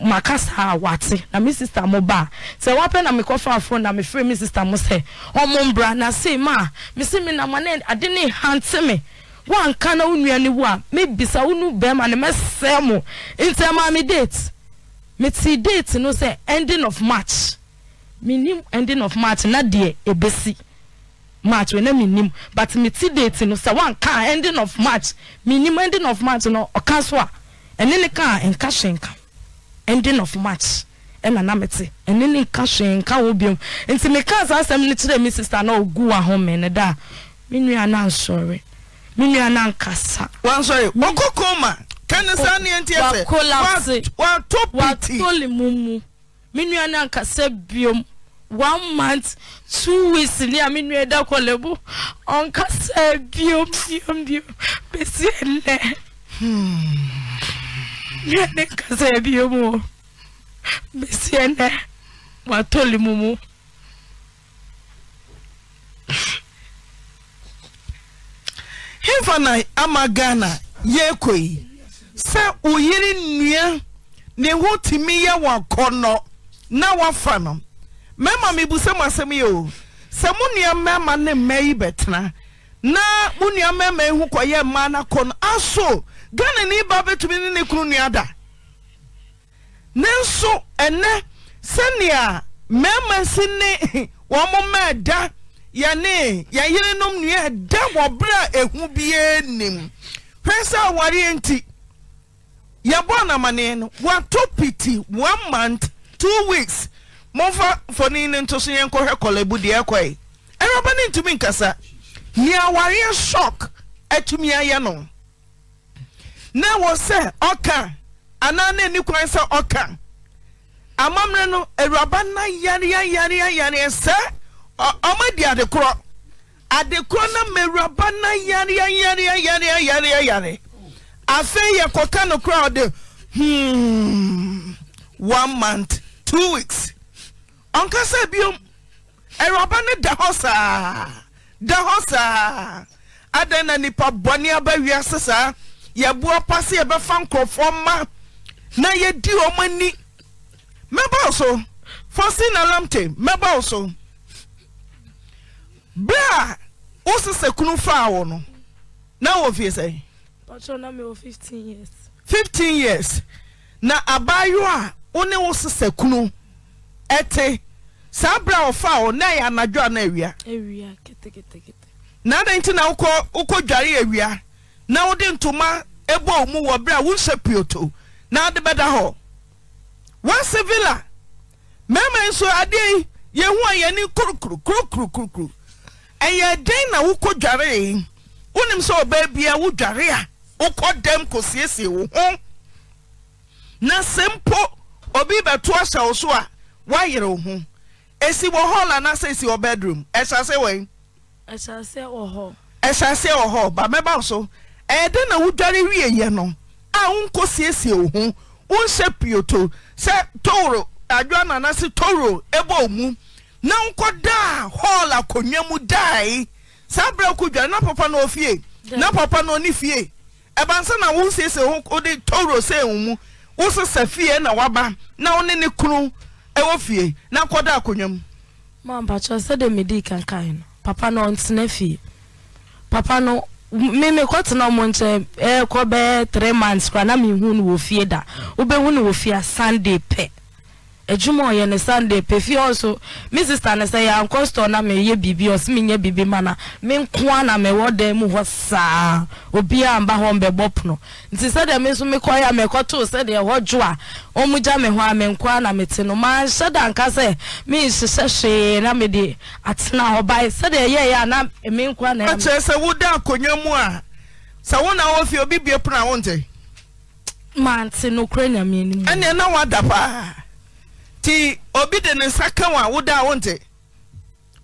maka saa wate na me sista mo ba sɛ wapɛ na mekɔfa aforo na mefrɛ me sista mo sɛ ɔmo mbra na sei ma a mese me nama ne ade ne hante me woanka na wo nnua ne wo a mebisa wo nu bɛrima ne mɛsɛɛ mo nti ɛmaa me date mete date no sɛ ending of march menim ending of march na deɛ ɛbɛsi march wɛ na menim but mete date no sɛ woanka ending of march menim ending of march no ɔka so a ɛne ne ka a ɛnka hyɛ nka ending of march ɛna na mete ɛne ne nka hwee nka wɔ biom nti meka saa asɛm no kyerɛ me sister na ɔgu ahome ne da a me nua no ansɔre me nua no ankasa wansɔre wɔkɔ koma kane saa neɛ nti ɛsɛ wato piti watole mu mu me nua no ankasa biom one month two weeks ni a me nua da kɔlɛbo ɔnkasa biom biom biom bɛsi ɛnɛ ne kasa ebie mu o besi ɛnɛ wato mu hefa na ama ghana yɛkɔ yi sɛ oyiri nnua ne ho tumi yɛ na wafa no mmarima mebisa mu asɛm yi o sɛ mo nua ne mmaa yi bɛtena na mo nua mmarima ya kɔyɛ mmaa no akɔ no aso. ghana ni ba bɛtumi ne ne kunu nua da ne nso ɛnɛ sɛnea mmarima si ne (laughs) wɔn mma ɛda yɛne yɛyerenom nua ɛda wɔ berɛ a ehu bie nim hwɛ sɛ awareɛ nti yɛbɔ anamaneɛ no wato piti one month two weeks mɔmfa mfoni ne nto so yɛn kɔhwɛ kɔlɛbu deɛ ɛkɔe ɛrɛba ne ntumi nkasa nea awareɛ shock atumi ayɛ no. na wɔ sɛ ɔka anaa na ani kwan sɛ ɔka amammerɛ no awuraba na yareyareayare sɛ ɔma di adekorɔ adekorɔ na ma awuraba na yareyareayareayare afei yɛkɔka no kora ɔde hmm one month two weeks ɔnka sɛ biom awuraba no da hɔ saa da hɔ saa adan na nipa bɔne aba wiase saa yɛboa pa sɛ yɛbɛfa nkurɔfoɔ ma na yɛdi wɔn ani mɛbaw so fɔsi na lamte mɛbaw so bere a wosesɛ kunu faa no na wɔ fie sɛ. pàtó na mi wɔ fifteen years. fifteen years na abaayewa a wone wosesɛ kunu ɛte saa bere a wɔfaa na yɛ anadwo a na awia. awia ketekete. na adan ti na wokɔ wokɔ dware awia. na wode ntoma bɔɔ mu wɔ berɛ a na ade bɛda hɔ wase villa mmarima nso adeɛ yɛhu a yɛni kurokuro ɛyɛ dɛn na wokɔ dwaree wonim sɛ ɔbaa biaa wo dware a wokɔ dɛm kɔsiesie wo ho na sɛ mpo obi bɛto ahyɛ wo so a woayere wo ho ɛsi wɔ hɔ la nasɛ ɛsi wɔ bedroom ɛhyɛ ase wɔ yi ɛhyɛ ase wɔ hɔ ba mɛba so ɛyɛdɛn na wodware wieyɛ no a wonkɔ siesie wo ho wonhyɛ pioto sɛ toro adwa adwoananase toro bɔ mu na nkɔ daa hall akonnwa mu dae saa berɛ wokɔdware na papa na ɔfie na papa na ɔne fie ɛbansa na wosiesie ho wode toro sɛ wo mu wosesa fie na waba na wo ne ne kunu wɔ fie na kɔda akonnwa mu mampakyɛ sɛdeɛ medii kankae no papa no ɔntena fie papa no mímí kọ́tùnà ọmọ nkyɛn ɛɛkɔ bɛɛ three months kora na mi hu no wɔ fie da wobɛhu no wɔ fie sunday pɛ. adwuma ɔyɛ ne sunday pefi ɔso me sista ne sɛ yɛankɔ store na meyɛ biribi ɔse menyɛ biribi ma na menkoa na mewɔ dan mu hɔ saa obiaa mba hɔ mbɛbɔ pono nti sɛdeɛ me nso mekɔyɛ a mekɔtoo sɛdeɛ hɔ dwo a ɔmugya me hɔ a menkoa na mete no manhyɛ da nka sɛ menhyehyɛ hwee na mede atena hɔ bae sɛdeɛ yɛyɛ a na menkoa na ɛkyerɛ sɛ woda akonnwa mu a sɛ wo na wɔfie obi bie pono a wonte mante nokorɛ nyame anim ɛneɛ na woada paa nti obi de ne nsa ka wa woda a wonte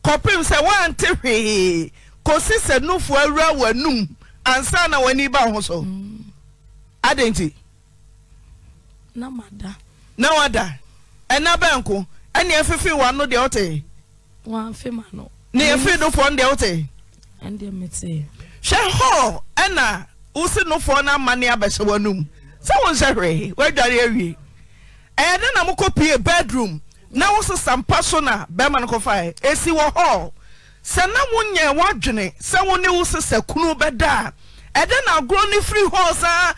kɔpem sɛ woante hwee kɔsi sɛ nofo awura w'anum ansa na w'ani ba ho so hmm. adɛn nti na wada ɛna bɛnko ɛne ɛfefe w'ano deɛ wote ne ɛfe nofoɔ no deɛ wote hwɛ hɔ ɛna wosi nofoɔ no ama ne abɛhyɛ w'anum sɛ wo nsɛ hwee woadware awie ɛyɛ dɛ na mokɔ pie bedroom na wo sesampa so na bɛrima no kɔfae ɛsi wɔ hɔ sɛ na wonyɛ woadwene sɛ wo ne wo sesa kunu bɛda a ɛdɛ na agorɔ ne firi hɔ saa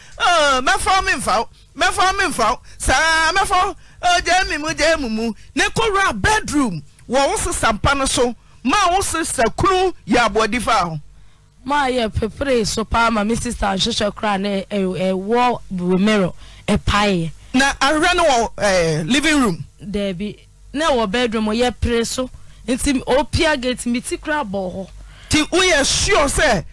mɛfa me mfa mɛfa me mfa saa mɛfa gya mi mu gya mu ne kɔwura bedroom wɔ wo sesampa no so ma wo sesa kunu yɛ aboɔdifa ho maa yɛ pepere so paa ma me sista nhyehyɛ koraa ne ɛwɔ mirror ɛpaeɛ anti eh, woyɛ suo sɛ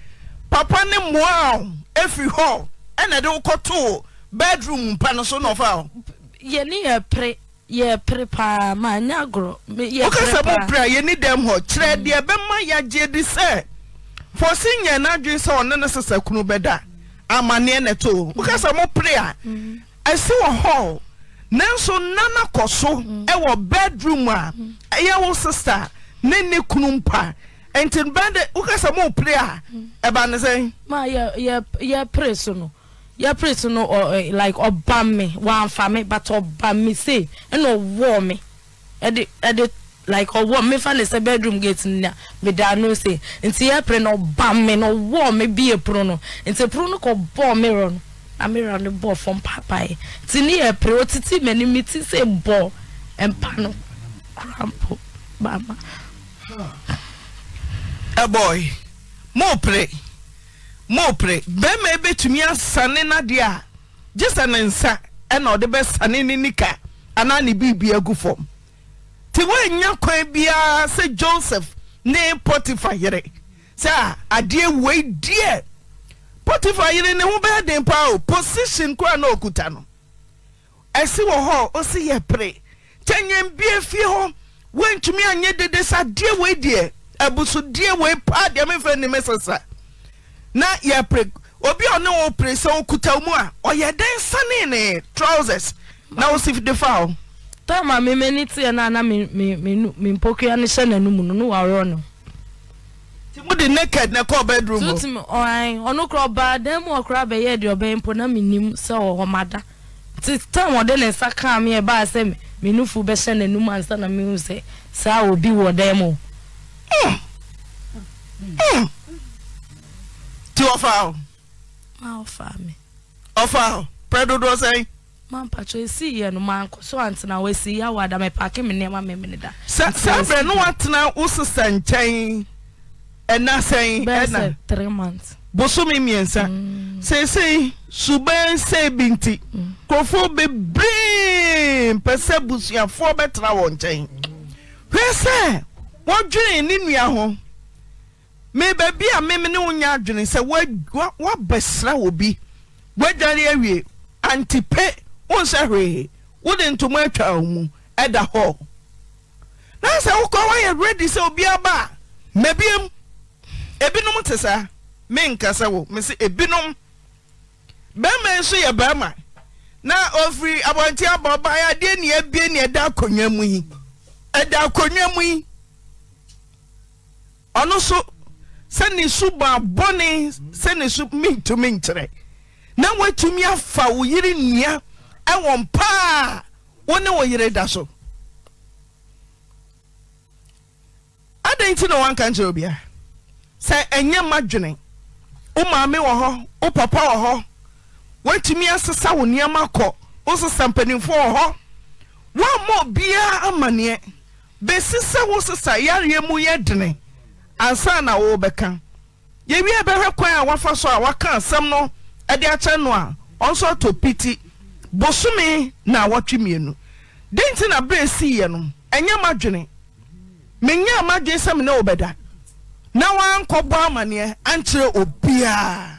papa ne mmoaao firi hɔ ɛnɛ de wokɔtoo bedroom m mpa no so noɔfawowoka sɛ moperɛ a yeni dɛm hɔ kyerɛ mm. deɛ ɛbɛma yagye di sɛ forsi nyaneadwene sɛ ɔne no sesa kuno bɛda amanneɛ ne too wokasɛ mo perɛ a mm. ɛsi wɔ hall nanso nana kɔ so mm. ɛwɔ bedroom a mm. ɛyɛ wo sista ne ne kunu mpa nti bɛn de mo pray a mm. ɛba ne sɛn. maa yɛ yɛ yɛ pray so no yɛ pray so no ɔ like ɔba mi wɔnfa mi but ɔba mi se ɛna ɔwɔ mi ɛde ɛde like ɔwɔ mi fa ne sɛ bedroom gate na mi da no se nti yɛ pray na ɔba mi na ɔwɔ mi bi epuro no nti epuro no kɔ bɔ mi rɔ no amera no bɔɔ fam papae te ne yɛ pere ɔtete m'ani me ti sɛ bɔ mpa no korampo bama ɛbɔe mopere mopere bɛrima ebɛtumi asane nadeɛ a gye sɛ ne nsa ɛna ɔde bɛsane ne nika anaa ne biribi agu fam te woanya kwan biara sɛ joseph ne potifa yere sɛ adeɛ wei deɛ potife yire ne ho bɛɛ den paa o position koraa na ɔkuta no asi wɔ hɔ ɔsi yɛ pere nkyɛ nyambia fie hɔ wontumi ayɛ dede sa deɛ wei deɛ abu so deɛ weipaa demɛnissa na yɛpere obia ɔne wɔ pere sɛ ɔkuta w mu a ɔyɛ dɛn sanene trers naɔsde fa wode naked na ɛkɔɔ bedroom hɔ ɔno kora ɔbaa dan mu ɔkora bɛyɛ deɛ ɔbɛyɛ mpo na menim sɛ ɔwɔ mada nti tam ɔde ne nsa kaa me ɛbaa sɛ menufo bɛhyɛ n'anum ansa na mehu sɛ saa obi wɔ dan mu hmm. Hmm. nti ɔfa wo ma ɔfa me ɔfa wo prɛ dodoɔ sɛn mampatso esi yɛ no mankɔ so antena wasi awo adamɛ paaki mi nneɛma mi mi ni da. sɛ sɛ bɛrɛ ne watena wo sisan nkyɛn ɛna sɛn ɛna bosome mmiɛnsa seesei suban sei bi nti kurɔfoɔ bebree mpɛ sɛ busuafoɔ bɛtena wɔn nkyɛn hwɛ sɛ wɔdwene ne nua ho me baabi a meme ne wo nya adwene sɛ woabɛsra wɔ bi woadware awie antipe wonsɛ hwee wode ntoma atwa wo mu ɛda hɔ na sɛ wokɔ woayɛ ready sɛ obiaba mabiem ebinom te saa menkasa wo mese ebinom bɛrima yi so yɛ barima na ofiri abɔnten aba ɔbaa adeɛ ne ebie ne ɛda akonnwa mu yi ɛda akonnwa mu yi ɔno so sɛ ne su bɔ abɔne sɛ ne su mentumi nkyerɛ na woatumi afa wo yere nnua ɛwɔ mpaa wo ne wo yere da so adɛn nti na wanka nkyerɛ obiara sɛ ɛnyɛ ma dwene wo maame wɔ hɔ wo papa wɔ hɔ woatumi asesa wo nneɛma kɔ wo sesa mpanimfoɔ wɔ hɔ woammɔ biara amanneɛ bɛsi sɛ wo sesa yareɛ mu yɛ dene ansa na worebɛka yɛwie bɛhwɛ kwan a woafa so a woaka asɛm no ɛde akyɛ no a ɔnso atɔ piti bosome na wɔtwe mmienu denti na siiɛ no ɛnyɛ ma dwene menyaa ma dwene sɛ me ne wo bɛda na waankɔ bɔ amanneɛ ankyerɛ obiaa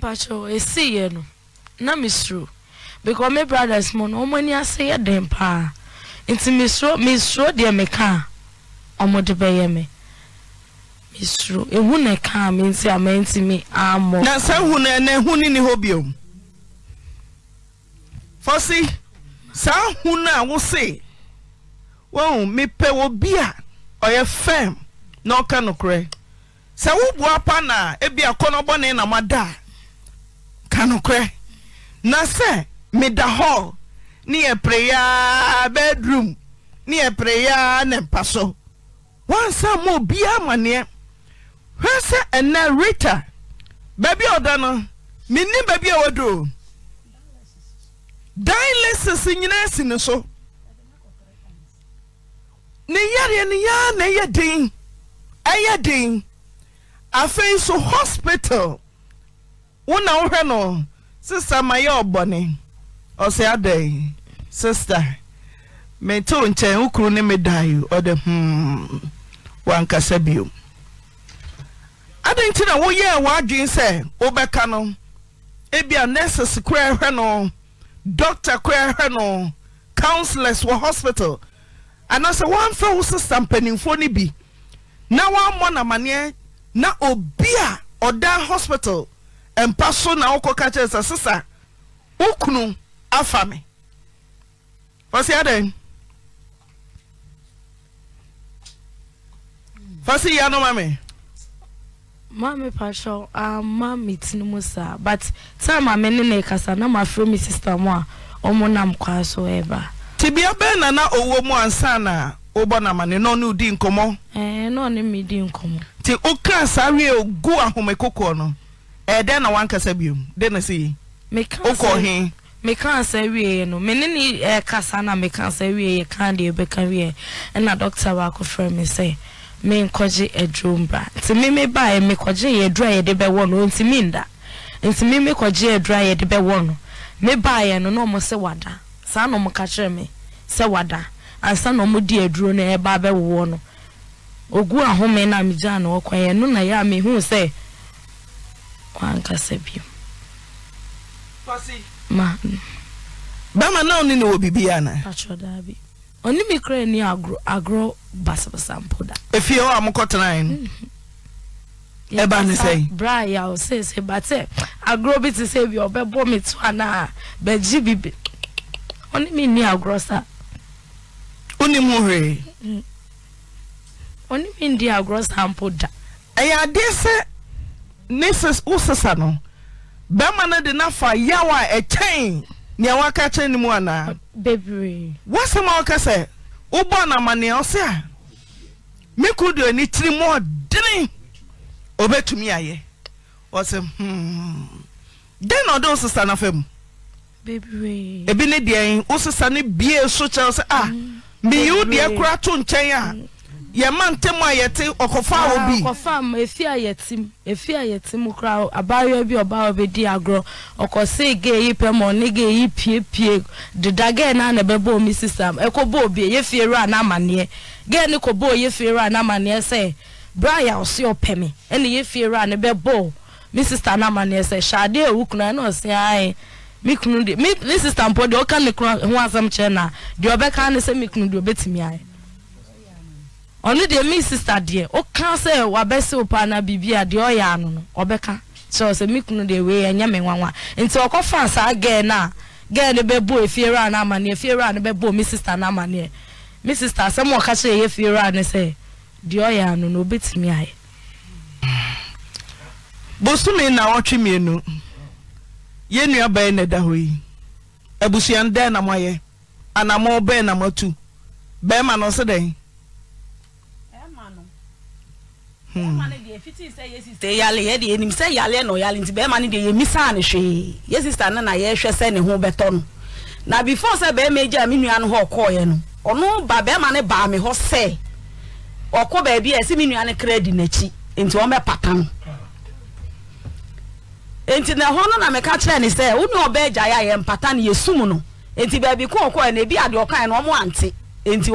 pakɛ siieɛ no na mesuro bekause me brathers mu no ɔmaani asɛ yɛ den paa nti mesuro deɛ me kaa ɔmode bɛyɛ me msr hu no kaa menti amantim am na saa hunna huneni hɔ bim f s saa huno a wose wohu mepɛ wɔ bi a ɔyɛ fem na ɔka nokorɛ sɛ woboa pa na ebi akɔnnɔ bɔne namada a ka nokorɛ na sɛ meda hɔ ne yɛ preyaa bedroom ne yɛ preyaa ne mpa so woansa ma obiaa amanneɛ hwɛ sɛ ɛnɛ rita baabi a ɔda no menni baabi a wɔduroo dan leses nyinaa si ne so ne yɛreɛ neyaa ne ɛyɛ den ɛyɛ den afei nso hospital wo na wo hwɛ no sista ma yɛ ɔbɔne ɔsɛ adɛn sista meteo nkyɛn wo kro ne me dae ɔde h hmm, wakasa bio adɛn nkyi nɛ woyɛɛ w'adwen sɛ wobɛka no ebia nersis koaa hwɛ no dɔcta koaa hwɛ no counselers wɔ hospital anaasɛ wɔamfa wo sesa mpanimfoɔ no bi na wɔammɔ namaneɛ na obi a ɔda hospital mpa so na wokɔ ka kyerɛ sɛ sesa wo kunu afa me fasi adɛn fasi ya no ma me maame patrɔ ama me but time a me ne ne kasa na mafrɛ me sister mu a ɔmo nam kwa so ɛba. E tibia bɛɛ nana owó mu ansa na wobɔ n'amane na ɔne odi nkɔmɔ. ɛɛ na ɔne mi di nkɔmɔ. ti o kan sáré o gu ahome koko no ɛdɛn na wankasa bi mu de na si. okɔ hin. mekaa nsa wie no mene ne ɛkasa na mekaa nsa wie yɛ deɛ ɛbɛka wie ɛna dɔkta baako frɛ me sɛ menkɔgye aduro mbra nti meme baeɛ aduro a yɛde bɛwɔ no ɔnti menda nti meme aduro a yɛde bɛwɔ no mebaeɛ no na ɔmo sɛ wada saa na ɔmo ka kyerɛ wada ansa na ɔmo di aduro no ɛba abɛwowɔ no ogu ahome na megyaa na ɔkwan yɛ no na yɛ a mehu sɛ wankasa bio ma bɛma na ɔne ne wɔ biribi ana ɔne me kora ani agorɔ agorɔ basabasa mpo da ɛfie hɔ a mokɔtenae no mm-hmm. ɛba ne sɛ bra yɛ a ɔsɛsɛ ba sɛ agorɔ bi te sɛ bi ɔbɛbɔ me to anaa bɛgye bibi ɛɛyɛ adeɛ sɛ ewo sesa no bɛima no de na fa yaw a ɛkyɛn neawɔaka kyerɛ no mu anaa woasɛm a wokɛ sɛ wobɔ anaamannea ɔse a me ko duɔane tiri muɔdenen ɔbɛtumi ayɛ ɛn na ɔde wo sesa nofam ebi ne deɛ wosesa ne bie so kyɛw sɛ a ah, mm. miyu wo deɛ kora to nkyɛn a mm. yɛma ntɛm a yɛte ɔkɔfa a obi ɔkɔfa efi a yɛtim efi a eyi kora abaayewa bi ɔbaa ɔbɛdi agorɔ ɔkɔse gay yi pɛ ɔne gay yi piepie deda gay naa na ɛbɛbɔ omi sisa ɛkɔbɔ obi a yɛfie ewura n'amaneɛ gay ne kɔbɔ yɛfie ewura n'amaneɛ sɛ braa ɔsi mi sɛ hyade ewu kuna ɛna ɔsi me kunu deɛ me me sista mpɔ deɛ ɔka ne kunu ho asɛm kyerɛ na deɛ ɔbɛka ne sɛ me kunu deɛ ɔbɛtumi ayɛ ɔno deɛ me sista deɛ ɔka sɛ wabɛsi o paa na biribi a deɛ ɔyɛ ano no ɔbɛka kyerɛ ɔsɛ me kunu deɛ wei ɛnyɛ me nwanwa nti ɔkɔfa saa gɛɛ na gɛɛ no bɛbɔ efiewura no amaneɛ efiewura no bɛbɔ me sista no amaneɛ me sista asɛm ɔka kyerɛ yɛ efiewura no sɛ deɛ ɔyɛ ano no ɔbɛtumi ayɛ bosome na ɔtwe mmienu. yɛn nua bɛyɛ na ɛda hɔ yi abusua no dɛn na mo ayɛ anamɔ bɛyɛ na mo atu bɛrima no ɔsi dɛn. Hmm. bɛrima no deɛ fiti na yɛ sista yale yɛ deɛ enim sɛ yale na ɔyale na bɛrima no deɛ na misa ne hwee yɛ sista no na yɛhwɛ sɛ ne ho bɛtɔ no na before sɛ bɛrima egya mi nua no hɔ ɔkɔɔyɛ no ɔno ba bɛrima na baa mi hɔ sɛ ɔkɔ baabi a ɛsɛ mi nua no kra di n'akyi nti wɔn bɛ pata no. nti na ɛhɔ na meka kyerɛ ne sɛ wo ne ɔbɛ agya yɛ yɛsum no nti baabi ko ɔkɔɛ no ebi no ɔmo ante nti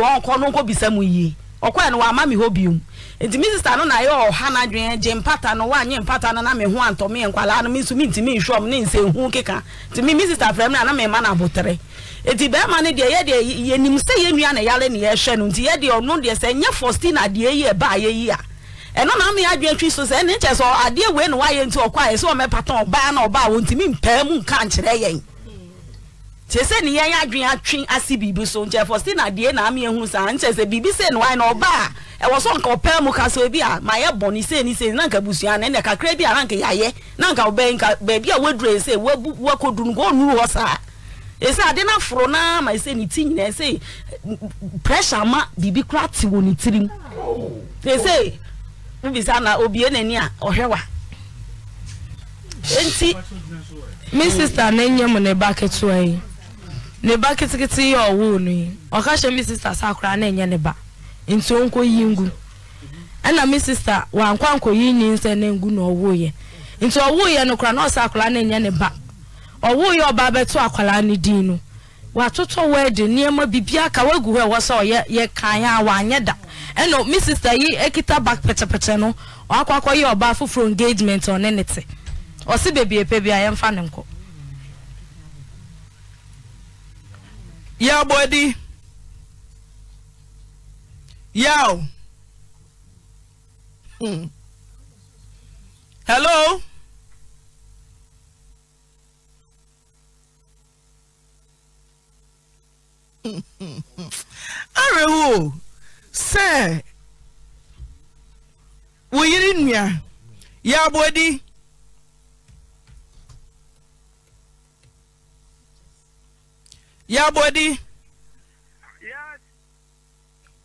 mu yie ɔkɔɛ no me hɔ biom nti no na yɛ ɔha n'adwene gye mpata no wɔanye mpata no na me ho antɔ nkwalaa no nhwɛ ɔmo ne keka nti minista fɛm na na na nti bɛrima no deɛ na yɛhwɛ no nti ɔno deɛ sɛ nyɛ yi ɛbaa a ɛno na meyɛ adu-etwi so sɛ ɛne nkyɛ sɛ adeɛ wei ne woayɛ nti ɔkɔ a ɛsɛ pata ɔbaa na ɔbaa wɔntumi mpaa mu nka nkyerɛ yɛn nti sɛ ne yɛn adu atwe ase biribi so nkyɛfo se na adeɛ na ameyɛ hu saa nkyɛ sɛ biribi sɛ ne wae na ɔbaa ɛwɔ so nka ɔpɛɛ mu ka sɛ bi a ma bɔne sei ne sei na nka busua no ɛnɛ kakra bi a na nka yɛayɛ na nka beebi nka baabi a woadurɛ sɛ woakɔdu no nka ɔnuru hɔ saa ɛsɛ ade no aforo no ama ɛsɛ ne ti nyinaa ese pressure ma biribi koraa te wɔ ne tirim ɛsɛ mbisa na obi eneni a ɔhwɛ nti. me na enye mu ne ba ketewa yi ne ba ketekete yi a ɔwɔ yi ɔka hyɛ na enye ne ba nti yi ngu ɛna yi nyi na ngu na ɔwɔ yɛ nti ɔwɔ yɛ na ɔsɛ akora na enye ne ba yɛ ɔba abɛto ne din no watoto wɛdi nneɛma bibi aka wagu hɔ ɛwɔ sɛ ɔyɛ yɛ kan a wanyɛ da. ɛna mi sista yi ekita back pɛkyɛpɛkyɛ no wakɔ akɔ yɛ ɔbaa foforɔ engagement ɔne ne te ɔsi beebi epe bi a yɛmfa ne nkɔ. yabɔ di yaw hmm. hello. Hmm, hmm, hmm. arewo. sɛ woyeri nnua yɛabadi yɛabadi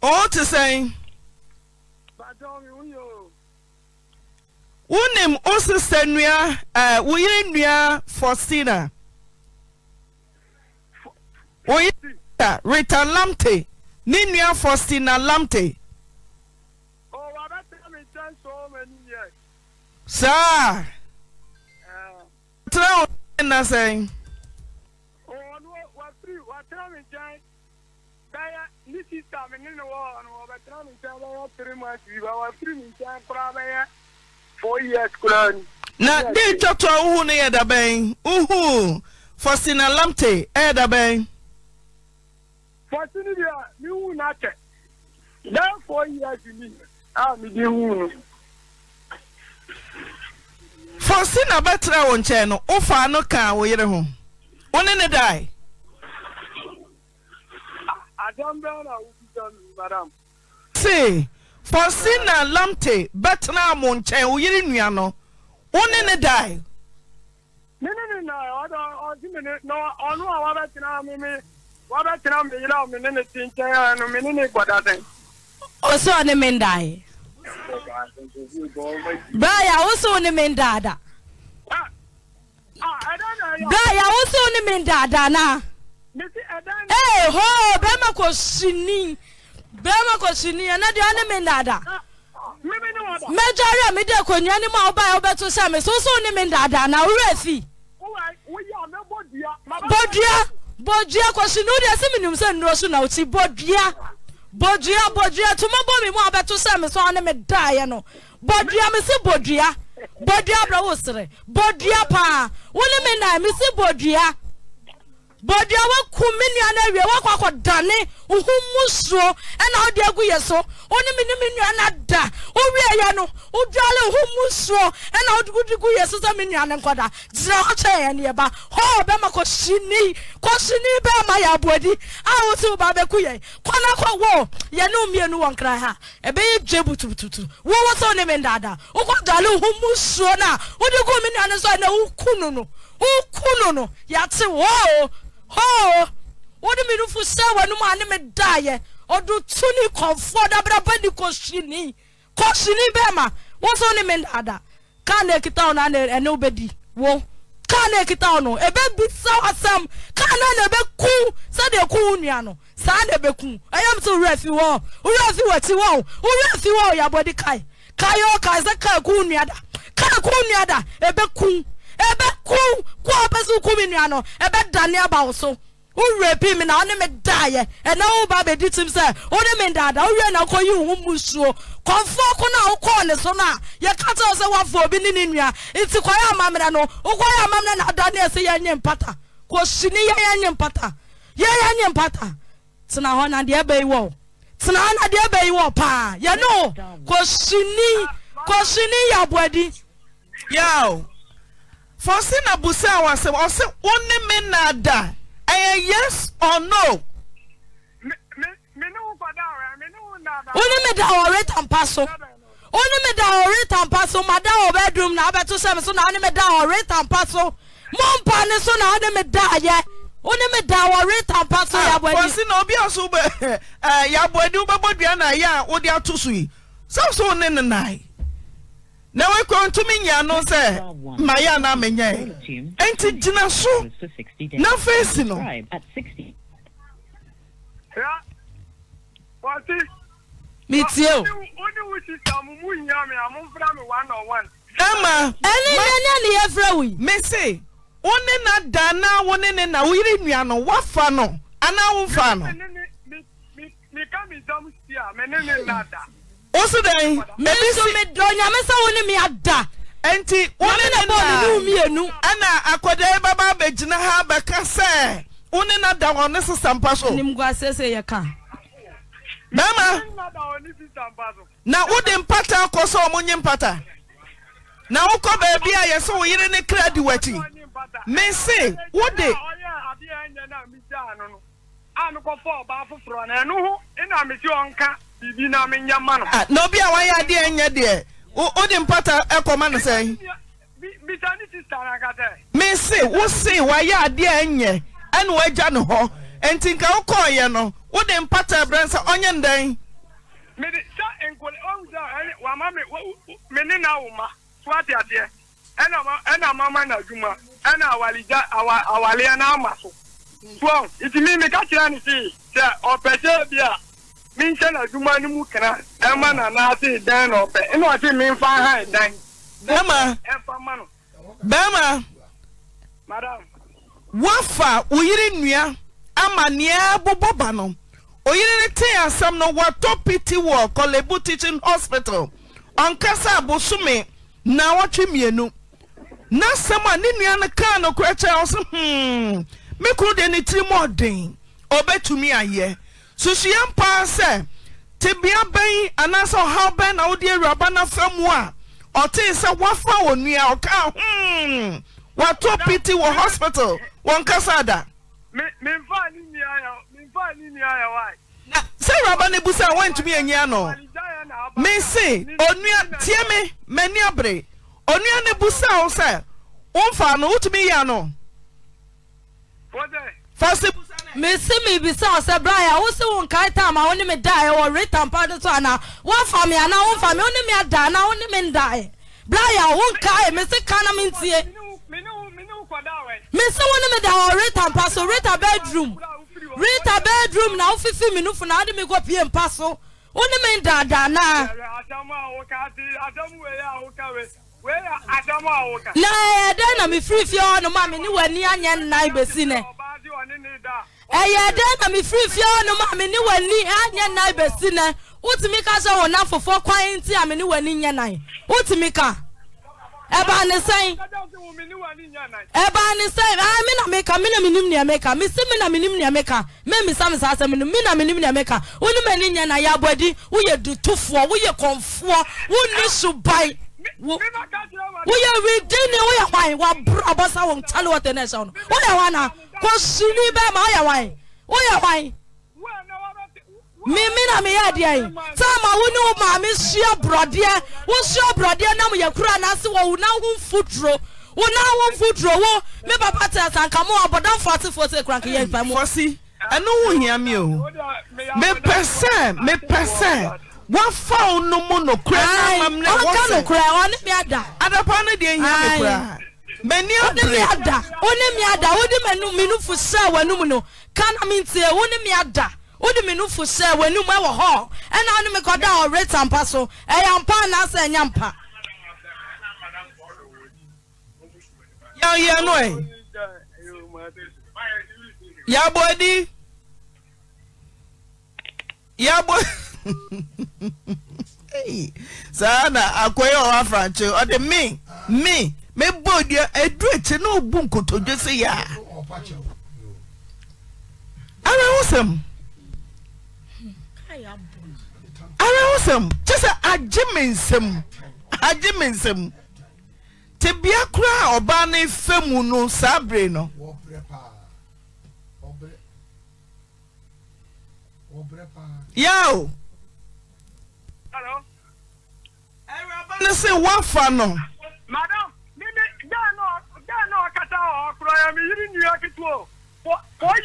ɔhote sɛn wonem wo sesɛ nnua eh, woyere nnua fɔ sina eta lamte ne nua faustina lamte saa tena wo na sɛn bɛyɛ ne sista me ne ne wɔ hɔ no wɔbɛtena me nkyɛn bɛyɛ three months bi ba wɔafiri me nkyɛn koraa bɛyɛ four years koraa ni. na de tɔtɔ uhu ne yɛ dabɛn uhu fɔsina lamte ɛyɛ dabɛn. fɔsini deɛ ihu na atẹ n'afọ years ni a mi ihu nu. fọsi na Betra wọn nkyɛn no ofa ano kan wọ yere ho Ọ ne ne da yi. na madam. si fọsi na lamte bẹtẹrẹ wọn nkyɛn wọ yere nua no ne ne ne ne ne na ọdọ wabɛkyerɛ meyerɛ wo mene ne ti nkyɛn a no mene ne gbɔdaden ɔsɛ ɔne me ndae braya wo so wo ne me ndaada braya wo so wo ne me ndaada na ee hoo bɛrima kɔsini bɛrima kɔsini ɛna deɛ ɔne me ndaada mɛgyare a mede akonnwa no mu a wobaeɛ wobɛto sɛ me so wo so wo ne me ndaada na wowerɛ fi bɔdua bodua kɔsi na wodi ɛsɛ minim sɛ nnuro so na ɔti bodua bodua bodua tuma bɔ mi mu a bɛto sɛ mi sɔn ne mi daayɛ no bodua mi si bodua bodua abirawo sere bodua paa wɔn mi na mi si bodua bɔdeɛ woakumi nua no awie woakɔ akɔdane wo ho mu suro ɛna wode agu yɛ so wo ne me ne me nua no ada wowieɛ no wodwale wo ho mu suro ɛna wode gudi gu yɛ so sɛ me nua no nkɔda gyina hɔkyɛ yɛ neɛba hɔ bɛma kɔhyini kɔhyini bɛma yɛ aboadi a wo se wo ba bɛku yɛ kɔna kɔ wo yɛne wo mmienu hoo wɔde mi nufu sɛ wɔnum a ne mi da yɛ ɔdo tu ni kɔnfoɔ dabraba ni kɔsini kɔsini bɛɛ ma wɔn nso mi dada kaa na ekita wɔn na ɛne bɛ di wɔn kaa na ekita wɔn no ebe bi sa asɛm kaa na na ebe ku sɛde eku wɔn nua no saa na ebe ku ɛyɛ mi sɛ wura fi wɔn wura fi wɔn ti wɔn wura fi wɔn yabɔ di kae kae yɛ ɔkae sɛ kaa eku wɔn nua da kaa eku wɔn da ebe ku. ebe kum kwa ọpẹsẹ kum nua no ebe dani aba wo so wowura pii mi na ɔne mi daayɛ ɛna woba abɛdi tim sɛ wone mi daadaa wowura na kɔ yi wo musuo kɔnfoɔ ko no a wokɔɔ ne so no a yɛka kyerɛ sɛ woafa obi ne ne nua nti kɔyɛ amammerɛ no wokɔyɛ amammerɛ na ada ne ɛsɛ yɛnyɛ mpata kɔsi ne yɛyɛnyɛ mpata yɛyɛnyɛ mpata tena hɔ na deɛ ɛbɛyi wɔ tena hɔ na deɛ ɛbɛyi wɔ paa yɛne o kɔsi ni kɔsi ni yɛ aboadi yɛo fɔsi na busa awasɛm ɔsi wone mi na da ɛyɛ yes or no. wone mi da ɔre tampa so wone mi da ɔre tampa so ma da ɔbɛ dum na abɛto sɛm so na wone mi da ɔre tampa so mo mpa ne so na wone mi da yɛ wone mi da ɔre tampa so ah, yabɔ ani. fɔsi na obi aso bɛ ɛɛ (laughs) eh, yabɔ ani wobɛbɔ dua na yɛ a wode ato so yi sɛ so ne ne nan na wakɔ ntumi nya no sɛ ma yɛ anaa menyɛ ɛnti gyina so na feesi no metie o ɛma ɛne nɛ ne yɛfrɛ wo mese wo ne na da na wo ne ne na wo nua no woafa no anaa womfa no wosi dɛn. mmeso mi dɔ nyame sɛ wo ne mi ada. nti wɔn ne bɔɔlu nu mienu. ɛna akwadaa baba abɛgyina ha abɛka sɛ wo ne na da wɔn ne sisan pa so. nim gua sese yɛ ka. bɛɛma na wode mpata kɔ sɛ mpata na wokɔ baabi a yɛsɛ wo yere ne kra na ɛno ho ɛna mesi biribi na menyɛ ma no ah, na obi a wayɛ adeɛ nyɛ deɛ mpata ɛkɔma no sɛn mese wo se wayɛ adeɛ nyɛ ɛne woagya ne hɔ ɛnti nka wokɔɔyɛ no wode mpata brɛ sɛ ɔnyɛ ndɛn ụdị sɛ nkole onye wama me na wo ma so na so so me min kyɛ na adwuma no mu kra ɛma na naase dan na ɔpɛ ɛna ɔte min fa ha e dan. bɛɛma Madam. wafa oyiri nnua ama nea bobɔ ba no oyiri ne te asɛm no wɔtɔ piti wɔ kɔlebu teaching hospital ɔnkasa abosome na wɔtwe mmienu na asɛm hmm, a ne nua no kaa no kora kyɛ ɔsɛ hmm me kuru deɛ ne tiri mu ɔden ɔbɛtumi ayɛ. susua mpaa sɛ tebea bɛn anaasɛ ɔhaw bɛn na wode awuraba no fa mu a ɔtee sɛ wafa wɔ nua ɔka hmm wato piti wɔ hospital wɔn kasa da. mmefa ni nua yɛ mmefa ni nua yɛ wa. sɛ awuraba no ebusa a wɔntumi anyia no mese onua tie me m'ani abere onua no ebusa a wo sɛ womfa no wotumi yia no. fɔsi busa. Me mesi mi bisa ọsẹ braya wosi wọn kan tam a wọnimi da yẹ wọ rita mpa de so ana wọn fa mi ana wọn fa mi wọnimi ada ana wọnimi nda yẹ braya wọn kan yẹ mesi kan na mi ntie mesi wọnimi da wọ rita mpa so rita bedroom rita bedroom na ofifi mi nufu na adi mi kọ pie mpa so wọnimi nda ada na. na ẹ dẹ́n na mi firi fi ọ́ ọ́ nù mọ́ mi ni wọ́n ní anyẹ́ nnan ibèsí nẹ ɛyɛ dɛn na mefiri fie hɔ nom a mene w'ani anyɛ nan bɛsi nɛ wotumi ka sɛ wo nam fofoɔ kwan nti a mene w'ani nyɛ nan wotumi ka ɛbaa ne sɛn ɛbaa ne sɛn ɛɛ me na meka me na menim nea meka mesi me na menim nea meka me misa misa asɛm no me na menim nea meka wonim ani nyɛ na yɛ abɔadi woyɛ dutufoɔ woyɛ kɔnfoɔ wonni suban woyɛ widini woyɛ hwan wabrɛ abɔsa wo ntale wɔtɛ ne ɛhyɛ wo no na kɔsini bɛɛ ma ɔyɛ wan woyɛ wan mímí na mi yɛ deɛ yi sáàmà wo ni wo maame sua borɔdeɛ wo sua borɔdeɛ nam yɛ kura n'ase wɔ wo nan ho wo nan wo mi papa tẹ fɔsi fɔsi kura yɛ mu. fɔsi ɛnu mi o mu nokura mi ada adapa mani mi ada wone mi ada wode manu minu fo sɛ w'anum no kana mi ntie wone mi ada wode minu fo sɛ w'anum ɛwɔ hɔ ɛna wone mi kɔda ɔre tampa so ɛyɛ e ampa anaasɛ ɛnyɛ ampa. yɛn yɛn no ɛ e. yabɔ e di yabɔ (laughs) saa na akɔyɛ ɔwɔ afrankye ɔde mi mi mebɔ deɛ edu ekyi na obu nkotodwe si ya ara wosɛm ara wosɛm kye sɛ agye me nsɛm agye me nsɛm te bea koraa ɔbaa ne fɛ mu no saa bere no yaw ɛwuraba ne se wafa no. Madam kata ọkụrụ ya ma yiri nyu ya kịtụ four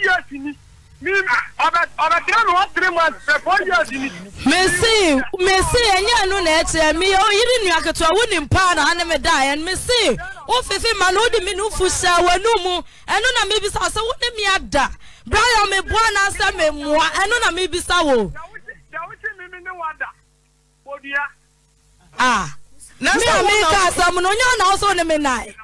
years ni mesi mesi enye anu na ekyerɛ mi oyiri nua ketewa wo ni mpa na hane mi da yɛn mesi wofifi ma na odi mi nufu hyɛ w'anu mu ɛnu na mi bisa sɛ wo ni mi ada brian mi bua na sɛ mi mua ɛnu na mi bisa wo. ah mi a mi ka asɛm no nyɛ na ɔso ni mi nai.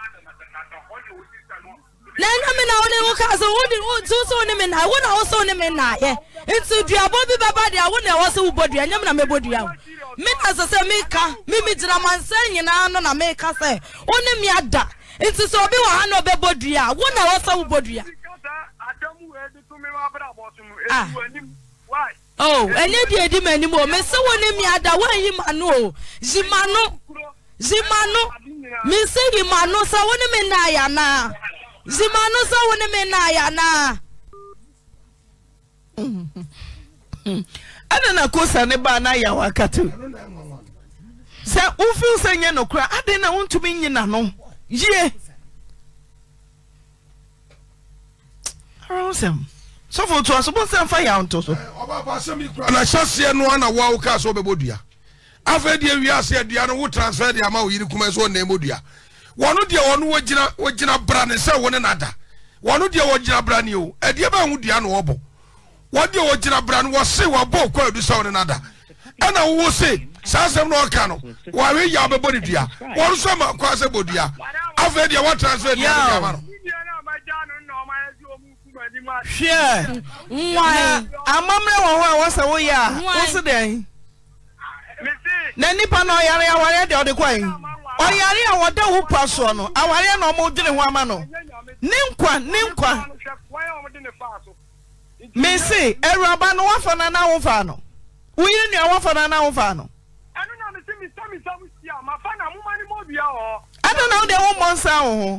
na na me na wone wo ka so wone wo tu so wone me na wo na wo so wone me na ye ntu dua bo bi baba dia wo na wo so wo bodua na me bodua wo me na so se me ka me mi gira mansa nyina no na me ka se wone me ada ntu so obi wa ha na obe bodua wo na wo so wo bodua ah oh di edi mani mo me se wone me ada wo yi ma no o yi ma no yi ma no me se yi ma no sa wone me na ya na zima no sɛ wo ne me ya anaa ɛna na kosa ne baa no ayɛ awakate sɛ wofiw sɛ nyɛ nokora adɛn na wontumi nyina no yie arasɛm sɔfo toa so bonsɛ mfa yɛ nto so anahyɛseɛ no ana na wo kaa sɛ wobɛbɔ dua afei deɛ wiase adua no wo transfer de ama wo yere kuma sɛ ɔnna mɔ dua wɔn deɛ wɔn wɔgyina wɔgyina bra ne sɛ wɔne nada wɔn deɛ wɔgyina bra ne o ɛdeɛ bɛn ho dua na wɔbɔ wɔn deɛ wɔgyina bra ne wɔse wɔbɔ okɔ edu sɛ wɔne nada ɛna wɔwɔ se saa asɛm na ɔka no wɔawe yi abɛbɔ ne dua wɔn nso ama kɔ asɛ bɔ dua afei deɛ wɔn transfer deɛ wɔn ama no. hwɛ nwan amammerɛ wɔ hɔ a wɔsɛ woyɛ a wosi dɛn na nipa na ɔyare awareɛ deɛ ɔde kɔ ɔyare a wɔda wo pa soɔ no awareɛ na ɔmodwene ho ama no ne nkwa ne nkwa mese awuraba no woafa no na wo faa no woyere nua woafa no na wo faa no ɛno na wode wo mmɔ nsa wo ho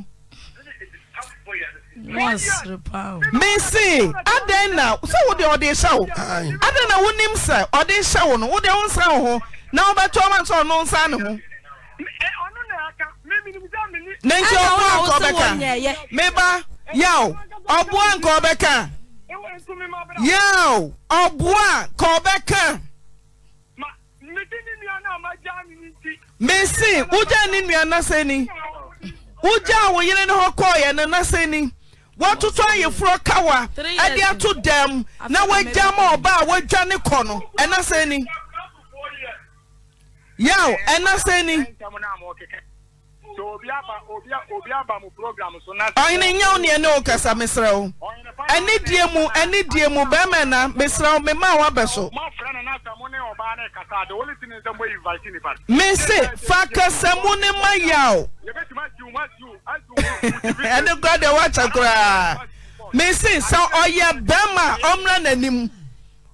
mese adɛn na sɛ wode ɔde hyɛ wo adɛn na wonim sɛ ɔde hyɛ wo no wode wo nsa wo ho na wobɛtɔ ma sɛ ɔno nsa ne ho ɔno na aka mɛminim sɛ mene ne nkyɛ ɔboa nka ɔbɛka meba yaw ɔboa nka ɔbɛka yaw ɔboa nka ɔbɛka mesi wogya ne nua nasɛ ni wogya a wo yere ne hɔ kɔɔyɛ no nasɛ ni watoto ayeforɔ kawa ɛde ato dɛm na wagya ma ɔba a wadwa ne kɔ no ɛnasɛ ni yaw ɛna sɛni. ɔhene nyaw neɛ ne wo kasa mesrɛ wo ɛne die mu ɛne die mu bɛrima na mesrɛ wo mema a woabɛ so mese fa kasamu ne (laughs) ma yaw ɛne kora deɛ woakyɛ koraa mese sɛ ɔyɛ bɛrima a ɔmmra n'anim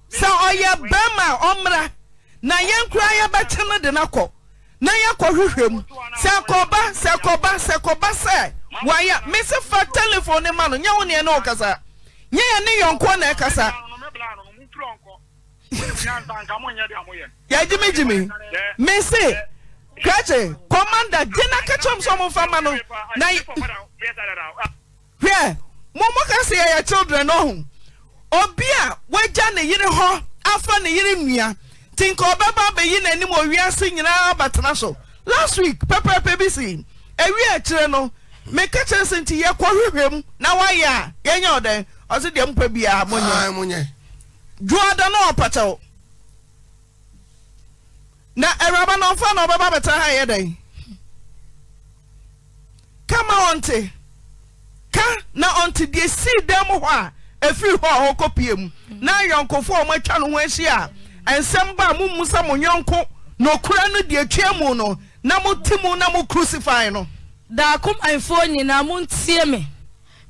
sɛ ɔyɛ bɛrima a ɔmmra na yɛn kura yɛbɛkye no de no kɔ na yɛkɔ hwehwɛ mu sɛ kɔba sɛ kɔba sɛ kɔba sɛ waya mesi fa telephone ne ma no nyɛ wo neɛ ne wokasa nyɛ yɛ ne yɔnko na ɛkasa (laughs) yɛgyimigyimi mesi krakye kɔmanda gye na ka sɛ momfa ma no na (laughs) hwɛ momo ka sɛ children no ho obi a wagya ne yere hɔ afa ne yere nnua nti ọbaba ɔbɛba abɛyi n'anim owiase nyinaa abatena so last week pɛpɛpɛ bi si ewi akyire no meka kyerɛ sɛ nti mu na wayɛ a yɛnyɛ ɔdɛn ɔse deɛ mopɛ biaa monyɛ dwoada na ɔpɛtɛw na awuraba na ɔmfa na ha yɛ dɛn ka na deɛ sii dɛm hɔ a hɔ a ɔkɔ na a ho ɛnsɛm baa momu sa mowɔnko nokora no de twia mu no na mote mu na mo krusifi no daako manmfoɔ nyinaa montie me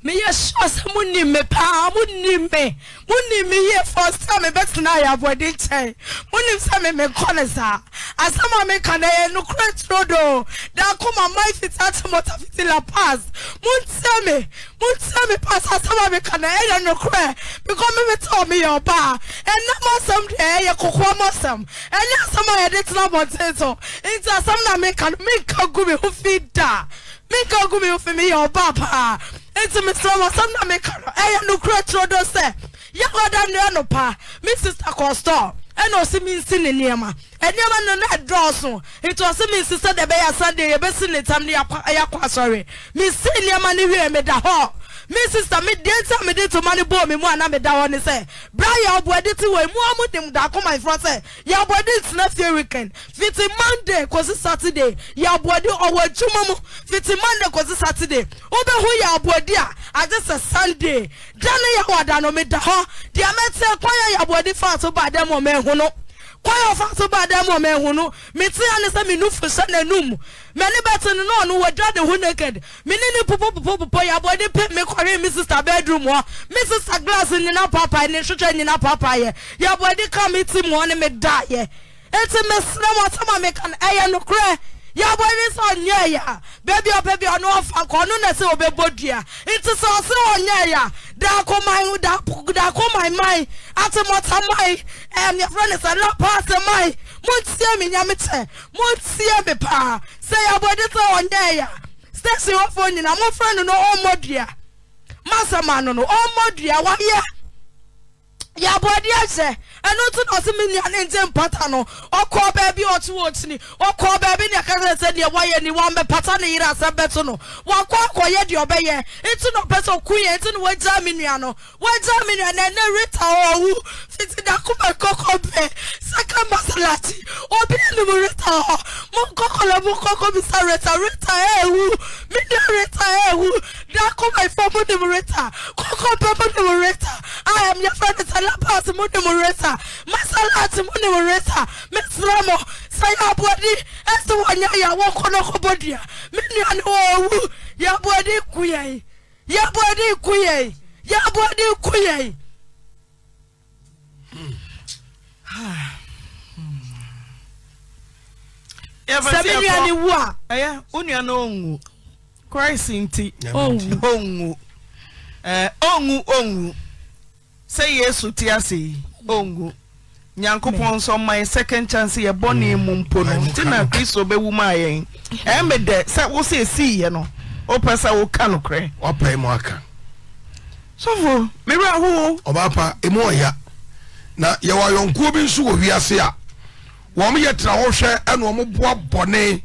meyɛ sure sɛ monim me paa monim me monim me yie fɔ sɛ mebɛtena ayɛaboɔde nkyɛn monim me memekɔ ne saa asɛm a meka no ɛyɛ nokorɛ torodo daakoma ma fiti atemɔta fiti la pas montiɛ me montiɛ me pas asɛm me meka no ɛyɛ nokorɛ bikɔ memete me meyɛ me a ɛnam asɛm deɛ ɛyɛ kokoa m asɛm ɛne asɛm a yɛde tena abɔnten so nti asɛm na meka no menka gu me kagumi fi da me kagumi fi meyɛ ɔba paa nti mesrɛ m asɛm na meka no ɛyɛ nokorɛ kyerɛ do sɛ yɛhɔ nnoa no pa. me sister kɔ store ɛna ɔsi mi nsi ne nneɛma nneɛma no na ɛdɔɔso nti ɔsi me nsi sɛ deɛ ɛbɛyɛ sunday yɛbɛsi ne tam ne yɛakɔ asɔre mi nsi nneɛma no hwɛ mi da hɔ me sister me deɛ nsa me de toma ne bɔɔ me mu ana me da hɔ ne sɛ bra yɛ ɔbɔde ti wɔ mu a mo dem da akoma ifrɔ sɛ yɛ ɔbɔde tena fie weekend fiti monday kɔsi saturday yɛ ɔbɔde ɔwɔ adwuma mu fiti monday kɔsi saturday wobɛhu yɛ ɔbɔde a agye sɛ sunday gya ne yɛ wɔ da no me da hɔ deɛ mɛte kwan yɛ yɛ ɔbɔde fa so ba dɛm ɔmɛ oh, ho no kwan ɔfa so ba dan mu ɔmo ɛho no mete ane sɛ me nufu hyɛ n'anum mɛne bɛte no na ɔno wɔdwa ne ho naked mene ne popo popo popo yabɔ ne pe me kɔre me sista bedroom hɔ me sista glass nyina paapaa ne hwehwɛ nyina paapaa yɛ yabɔ de ka me ti mu hɔ ne me da yɛ eti mesrɛ mo asɛm a meka no ɛyɛ nokorɛ yabɔ ni sɛ ɔnyɛ ya beebi ɔbɛbi ɔno ɔfa kɔ ɔno na sɛ ɔbɛbɔ dua nti sɛ ɔsɛ ɔnyɛ ya daako man daako daako man man atemɔta man ɛɛ nyɛfrɛ ne sɛ lapaase man mo tie mi nyame kyɛ mo tie mi paa sɛ yabɔ ni sɛ ɔnyɛ ya station ɔfo nyina mo frɛ no no ɔmmɔ dua masama no no ɔmmɔ dua wayɛ yabɔ di ahyɛ ɛno nso na ɔsɛ me nuane nte mpata no ɔkɔɔ baabi a ɔte wɔ kyini ɔkɔɔ baabi ne ɛka sɛ sɛ deɛ wayɛ ni wɔmmɛpata ne yere asɛm bɛto no wakɔ akɔyɛ deɛ ɔbɛyɛ nti na ɔpɛ sɛ ɔku yɛ nti na wagyaa me nua no wagyaa me nua no ɛnɛ rita ɔwu fiti da kuma kɔkɔ bɛ saka masalati obi anum rita hɔ mo nkɔkɔ lɛ mo nkɔkɔ bisa rita rita ɛɛwu me nua rita ɛɛwu da kuma ifɔ mo nim rita kɔkɔ bɛ mo nim rita a ɛm yɛ fɛ ne sɛ lapas mo nim rita a masalati mu ne wo resa mesrɛ mo sɛ yɛ aboɔde ɛsɛ wɔnyɛ yɛ wɔnkɔ no kɔbɔ dua nua ne wɔɔwu yɛ aboɔde ku yɛi yɛ aboɔde ku nua ne wu a ɛyɛ wo nua no ɔnwu christ nti ɔnwu ɔnwu ɔnwu eh, ɔnwu sɛ yesu te ase yi ongu nyankopɔn nso ɔman second chance yɛbɔ ne mu mm. mpo no nti na kristo bɛwu mu a yi ɛmɛ dɛ sɛ wo sɛ ɛsiiɛ no wopɛ sɛ woka nokorɛ wapɛe mu aka sɔfo mewerɛ ahoo ɔbaapa ɛmu ɔya na yɛwɔ ayɔnkuo bi nso wɔ wiase a wɔm yɛ tena hɔ hwɛ ɛna ɔmo boa bɔne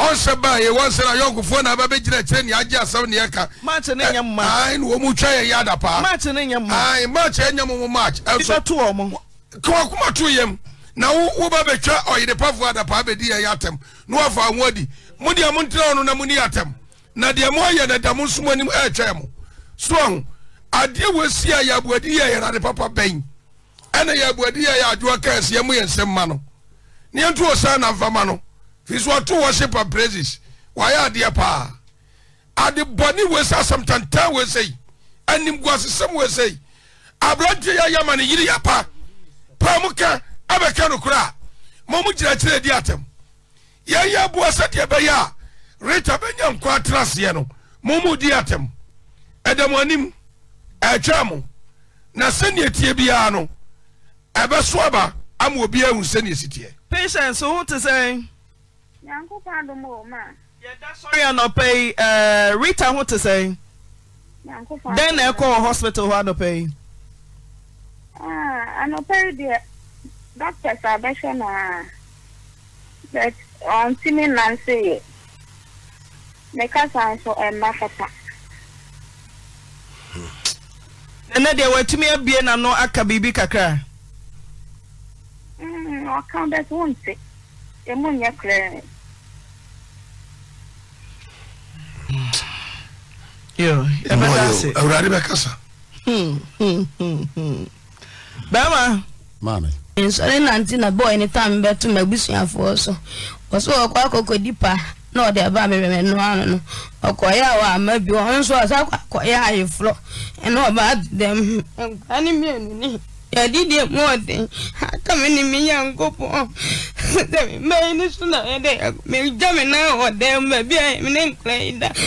ɔnsɛ ba yɛ wɔn sɛ na yɔnkofoɔ na aba bɛgyina akyire ne agye asɛm ne yɛka match ne nyɛ mma ae na wɔn mu twa yɛ yɛ ada paa mma ae match yɛ nyɛ mo match ɛso to wɔn kɔn akoma to yɛm na wo wo ba bɛtwa ɔyedepafoɔ ada paa bɛdi yɛ yɛ atɛm na oh, wafa ahoɔ di mo deɛ mo ntena ɔno na mo ni na deɛ mo ayɛ dada mo nso mo anim ɛɛtwa mo so ɔho adeɛ wɔ papa bɛn ɛna yɛ abuadi yɛ yɛ adwoa kaa si yɛ mo yɛ nsɛm ma no His one to worship and praises. Why are they pa? Are the body we say sometimes ten we say, and him was some we say. Abranti ya yamani ya apa. Pamuka abeka nukura. Mumu jira chile diatem. Ya ya bua sati ya beya. Rita benya mkwa atras yeno. Momu diatem. Edamu animu. Echamu. Na seni etie biya no. Ebe swaba. Amu unseni esitie. Patience, who to say? yɛda sɔre anɔpɛ yi eh, rita ho te sɛn dɛn na ɛkɔ wɔ hospital hɔ anɔpɛ yi ah, anɔpɛ yi deɛ doctors abɛhwɛ na but ɔntumi nanse yɛ ne kasa nso ɛmma fata ɛnɛ deɛ watumi abie n'ano aka biribi kakra mm, ɔka bɛt wonte ɛmu nyɛ korɛ awurade bɛkasa bɛma nsɔre nante na bɔɔ ne tam bɛto so ɔkɔ na ɔde ɛba mewɛmɛ ano no ɔkɔyɛ a wɔama bi ɔno nso ɔsɛ akɔyɛ ayeforɔ ɛna ɔbaa dɛm nkwa ne mmienu ni yɛdidi mu ɔden aka ne me nyankopɔn sɛ ne so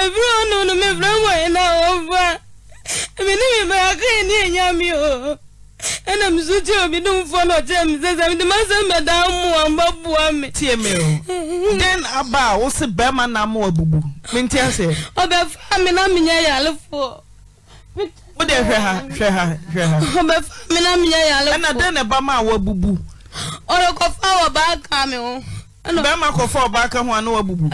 ebiri ọnụ unu mebiri nwanyị na ọba ebini mebe aka ya na-enye amị o ana m zuti obidi mfọ na ọchịa mzeza ndị masị mbada mụọ mgbe bụ amị tie mee o den aba a wụsị bẹẹma na amụ gbugbu minti ase ọbẹ fami na minya ya alụfọ wode hwɛ ha hwɛ ha hwɛ ha ọbẹ fami na minya ya alụfọ ɛna den na ɛba ma awọ ọgbugbu ọrọkọfa wọ baa kaa mi o. bɛrima kɔfa ɔbaa ka ho a na wabubu.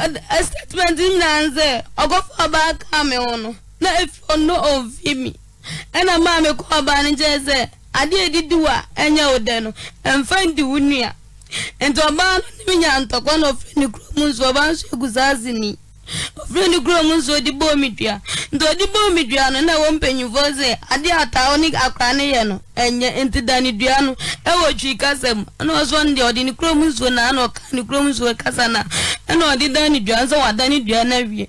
statement mi na nse ɔkɔfa ɔbaa ka mi ho no na efi ɔno ovi mi ɛna maame kɔ ɔbaa ne nkyɛn sɛ adeɛ edidi wa ɛnyɛ o no mfa ndi wo nua nti ɔbaa no mi nya ntɔkwa na ɔfiri ne kurom nso ɔbaa nso egu saa si ofiri ne kuro mu nso odi bɔɔ dua nti odi bɔɔ dua no na wɔn mpanyinfoɔ sɛ adeɛ ataa ɔne akora ne yɛ no ɛnyɛ nti da ne dua no ɛwɔ twi kasa mu ɛna ɔsɔ ne deɛ ɔde ne kuro mu nsuo na ɛna ɔka ne kuro mu nsuo kasa na ɛna ɔde da ne dua nso wada ne dua na wie.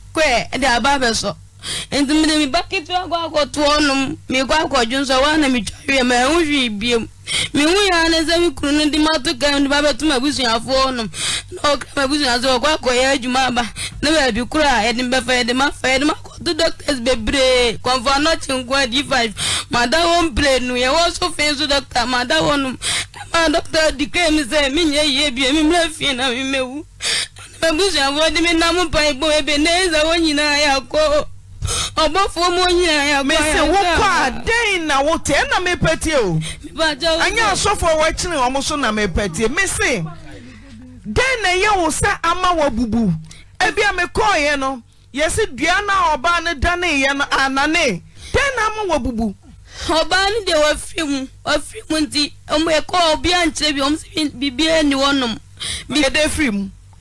kwe de aba abɛsɔ nti mede me ba ketewa kɔ akɔtoɔ nom mekɔ akɔdwo nsɔ woa na metwa wie ma ɛho hwee biom mehu yɛa ne sɛ me kunu no de mato kam de ba bɛto m'abusuafoɔ nom na ɔkra m'abusua sɛ wɔkɔ akɔyɛ adwuma aba na baabi koro a yɛde bɛfa yɛde mafa yɛde makɔto doctors bebree kɔmfa nɔkye nko a d5 mada wɔ mprɛ nu yɛwɔ so fei so doctor mada wɔ nom ɛma doctor declare me sɛ menyɛ yie bio memmerɛ fie na memɛwu babusha bụ ọdịmịna mụpa igbo ebe na-eze onyi na ya kwọ ọgbafuo m na ya kwa ya na wote ɛna mepɛtie o anyɛ asɔfo a wɔakyene na mepɛtie mese dɛn na ɛyɛ wo ama wɔabubu ebi no dua na ɔbaa no daneeɛ no na ama ọbaa nti bi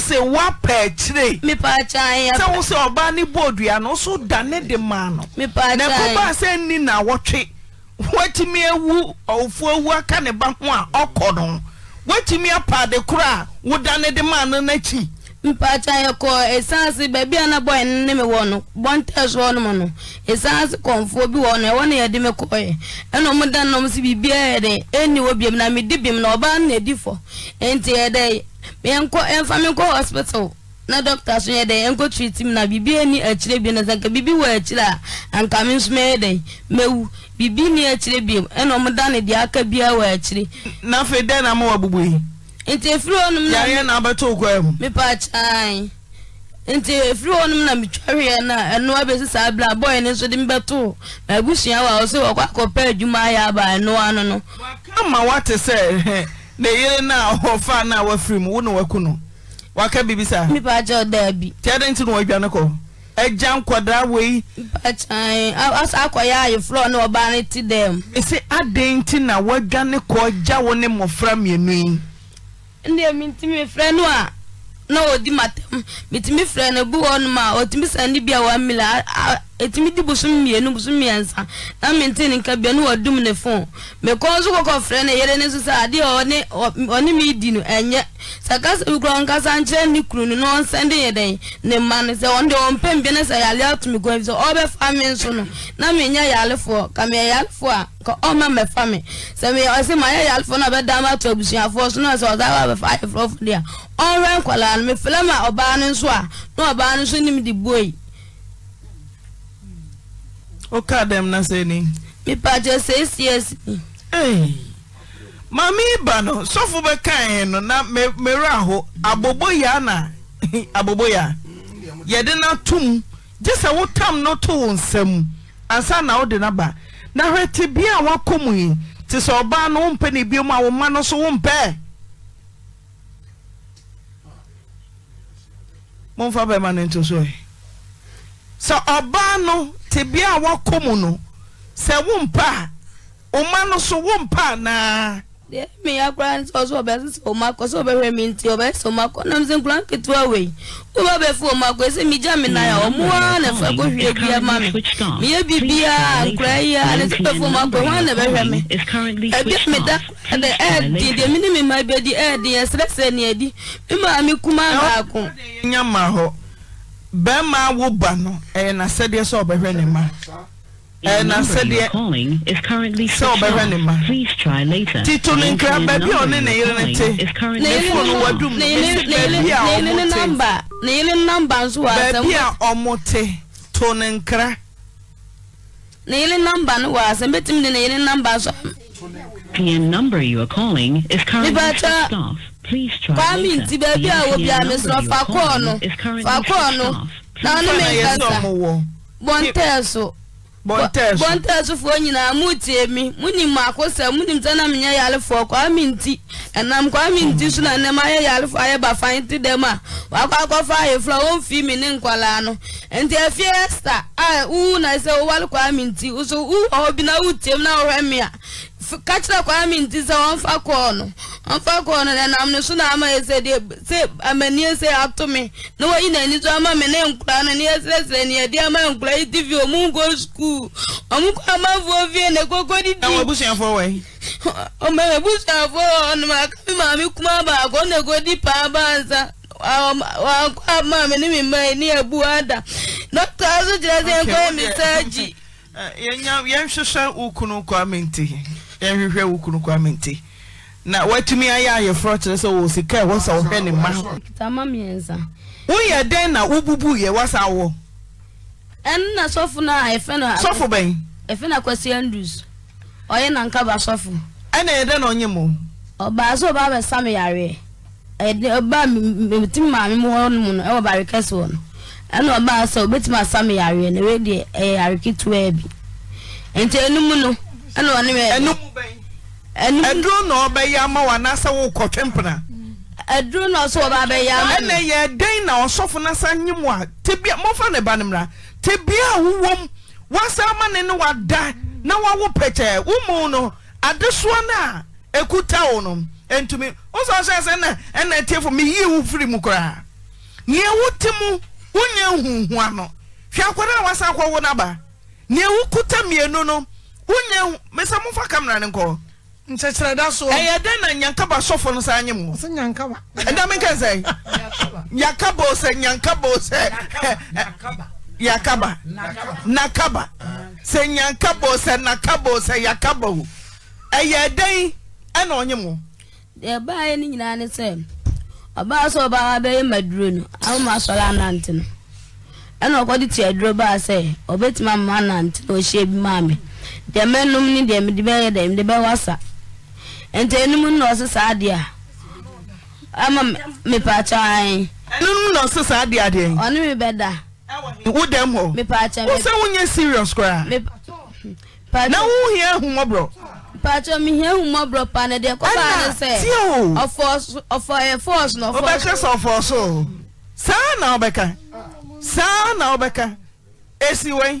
sɛ woapɛ akyire sɛ wo sɛ ɔbaa ne bɔɔdua no so da de no na ɛkɔbaa sɛ nni na wɔtwe woatumi ewu ɔwofo ewu aka ne ba ho a ɔkɔ no woatumi apaade koro a woda ne de maa no mpacha ko esansi bebi ana boy ne me wono bonte so no mo no esansi konfo bi wono e wono ye de me koye eno mo dan no mo si bibi e de eni wo biem na me di bim na oba na di fo enti e de me enko enfa me ko hospital na doctor so ye de enko treat me na bibi eni akire bi na zanka bibi wo akire a anka me so me de mewu bibi ni akire biem eno mo dan ne di aka bia wo akire na fe de na mo wabubu yi nti efiri hɔ nom na yàrá na abɛtɔ okwa mu. mipa kyan nti efiri hɔ na mitwa hwɛ na ɛnoa bɛ nso de mbɛto na ebusua wa ɔsɛ wɔkɔ akɔpɛ adwuma ayɛ aba ɛnoa no no. ama wate sɛ na yere na ɔfa na wafiri mu wo na waku no waka bibi sa. mipa kyan daabi. bi. de nti na wadwa ne kɔ ɛgya nkwadaa wei. mipa kyan asa akɔyɛ ayefrɔ na ɔbaa ne ti dɛm. esi adan ti na wadwa kɔ gya ne mmɔfra mmienu yi. inie mintimi frenea nawo dimatem mitimifren buwonuma otimisanibia wamil timi di boso minu so miɛ sa a metin ka bano adne a o ɛaaa ɛ ne kn a ba n so nemde b oke dem na seni. Mipa jese esi esi. Hey. Mami iba no, sofu be kan e na me, meru aho ya na (laughs) abobo ya. Yede na tum. Jese wo tam no nsam. Ansa na wo de na ba. Na hwete bi a wakomu yi. Ti sɛ ɔbaa no na ebi bio ahụ a wo ma no so wompɛ. Momfa bɛma no nto so e. tibia a wakɔ mu no sɛ wompa a ɔma no so wompa anaa deɛ mi akora ne sɛ ɔsɛ ɔbɛsesɛ ɔma kɔ sɛ ɔbɛhwɛ mi nti ɔbɛsesɛ ɔma kɔ nam sɛ nkura nketewa wei woba bɛfo ɔma kɔ sɛ megya me nan a ɔmoa na fa kɔhwie bia ma me meyɛ biribiaa nkora yi a ne sɛ bɛfo ɔma kɔ hɔ na bɛhwɛ me ɛbi a meda ɛdɛ ɛɛdi deɛ me ne me ma bi adi ɛɛdi ɛsrɛ sɛ ne adi me maa kuma baako nyama bɛrima wo ba no ɛyɛ eh, n'asɛdeɛ sɛ ɔbɛhwɛ ne ma ɛyɛ eh, n'asɛdeɛ sɛ ɔbɛhwɛ ne ma tito ne nkira baabi a ɔne ne yere ne te ne fone wadum baabi a ɔmo te baabi a ɔmo te to ne nkira. ne yere namba no wɔ asɛm bɛtumi de ne yere namba so. The number you are calling is currently switched off. kt baabi a ɛ o fɔ ynamui monako ɛ mnsanamyɛ yaɔka ɛn kanti sna yɛ yalfɔ ayɛ ba fate dɛm a waf af wɔf mine nkla no nti afie ɛstawowaɛ wowe ka twwɔbina wo i na wohɛ me a ka kyerɛ kwame nti sɛ wɔmfa kɔɔ no ɔmfa kɔɔ no ama yɛ sɛ deɛ sɛ amaniɛ sɛ ato me na ama me ne nkura no ne yɛsrɛsrɛ ne ama nkura yi tivi ɔmo nkɔ sukuu ɔmo kɔ ne koko didi. ɛwɔ abusuafoɔ wɔ yi. ɔmɔ abusuafoɔ ɔnum akabi maame kuma baako ne ko di paa baasa ama me ne me mma yi ne abu ada dɔkta so kyerɛ sɛ nkɔ yɛ me e wo kunu kwame nti na watumi ayɛ ayɛforɔ kyerɛ sɛ wɔ sika ɛwɔ wohwɛ ne woyɛ dɛn na wobubu yɛ wasa wɔ ɛno sɔfo no a ɛfɛ no sɔfo bɛn ɛfɛ no akwasi andrews ɔyɛ nankaba sɔfo ɛna ɛyɛ dɛn na ɔbaa sɛ ɔbaa bɛsa ɔbaa maame mu mu no ɛwɔ bare kɛse no ɔbaa sɛ na ɛwɛ deɛ ɛyɛ yare ketewa bi nti ɛnu mu no ɛna ɔne bɛ ɛnum ɛnum ɛduro na ɔbɛyɛ ama wa n'asɛ wo kɔtwe mpena. ɛduro na ɔsɛ ɔba bɛyɛ ama ɛna yɛ den na ɔsɔfo n'asa nyim wa tebia mɔfa ne ba ne mra tebia awuwom wasa ama ne ne wada na wawo pɛkyɛ Umu no adesoa na ekuta wo no ntumi wosɔ ɔsɛ ɛsɛ na ɛna tiefo mi yie wo firi mu koraa nea wote mu wonye huhua no hwɛ akwadaa wasa akɔwo n'aba nea wokuta mmienu no. wonya mesa momfa kamera ne nkɔ nkyɛkyerɛ da so ɛyɛ dɛn na nyankaba sɔfo no saa nye mu sɛ nyankaba ɛda menka sɛ yakaba o sɛ nyankaba o sɛ yakaba nakaba se nyankaba o sɛ nakaba o sɛ yakaba o ɛyɛ dɛn ɛna ɔnye mu deɛ baayɛ no nyinaa ne sɛ ɔbaa sɛ ɔbaa bɛyɛ maduro no awoma asɔre anante no ɛna ɔkɔde ti aduro baa sɛ ɔbɛtumi ama anante na ɔhyia bi maa me ɛmɛnom ne d meymdebɛwa sa nti nm nase saa de mepaaɛwyɛ n ɛkasiw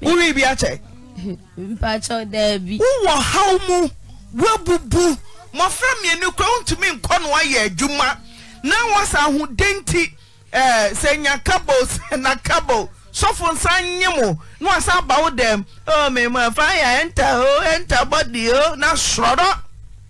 wúri bi akyɛ. mpatsɔ dɛbi. wowɔ haw mu wabubu mmɔfra mmienu kura ntumi nkɔ na wayɛ adwuma na wɔsa ahoden ti ɛɛ sɛ nya kabo sɛ na kabo sɔfo nsa nye mo na wɔsa abawo dɛm ɛɛ mɛmɛ fa yɛ ɛnta o ɛnta bɔdi o na sɔrɔ.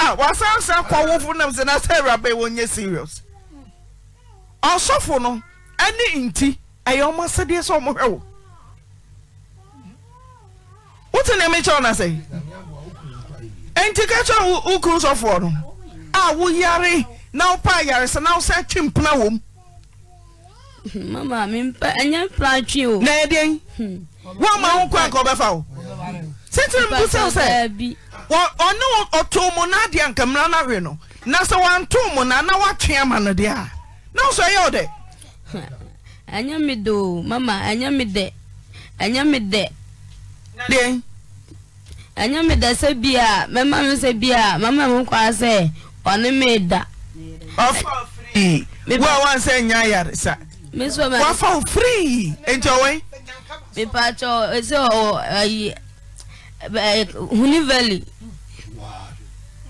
a ah, wasansan kɔ awofo nam sɛ na sɛ awuraba yi wɔnyɛ serious ɔsɔfo no ɛne nti ɛyɛ ɔmo asedeɛ sɛ ɔmo hwɛ wo wote ne mekyɛ ɔna sɛ nti ka kyerɛ wo wo kuru no a woyare na wopɛ ayaresa na wosɛ twe mpena wɔ mu hmm, mama mempa ɛnyɛ mpena atwe o na ɛdeɛn woama hmm. wo kɔ anka ɔbɛfa wo sɛtire mbu sɛ wo sɛ ɔne ɔtoo mo naa dea nka mera no awe no na sɛ waantoo mo naa na waatea ama no deɛ a na s ɛyɛwdɛ (laughs) nya me dm yedydnyamed sɛ bi a mmam sɛ bia mama mka sɛ ɔne meeda frhnvey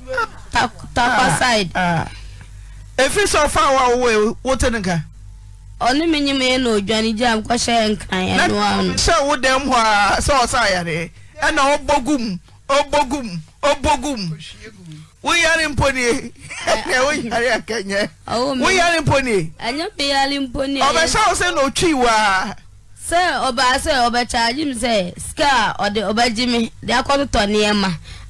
ɛfiri ah, ah. sɛ ɔfa wo a wowɔ wote ne ka ɔne menyim yɛ na odwane gya mkɔhyɛ nkan ɛnoa sɛ wo dɛm hɔ a sɛ ɔsa ayareɛ ɛna ɔbɔ gum ɔbɔ gum ɔbɔ gum woyare mpo nie ɛnɛ eh, (laughs) woyare akɛnyɛ woyare mpo nie ɛnyɛ meyare mpo nie ɔbɛhyɛ wo sɛ na ɔtwii wa. sɛ ɔbaa sɛ ɔbɛkyaagye m sɛ sika ɔde ɔbɛgye me de akɔtotɔ nneɛma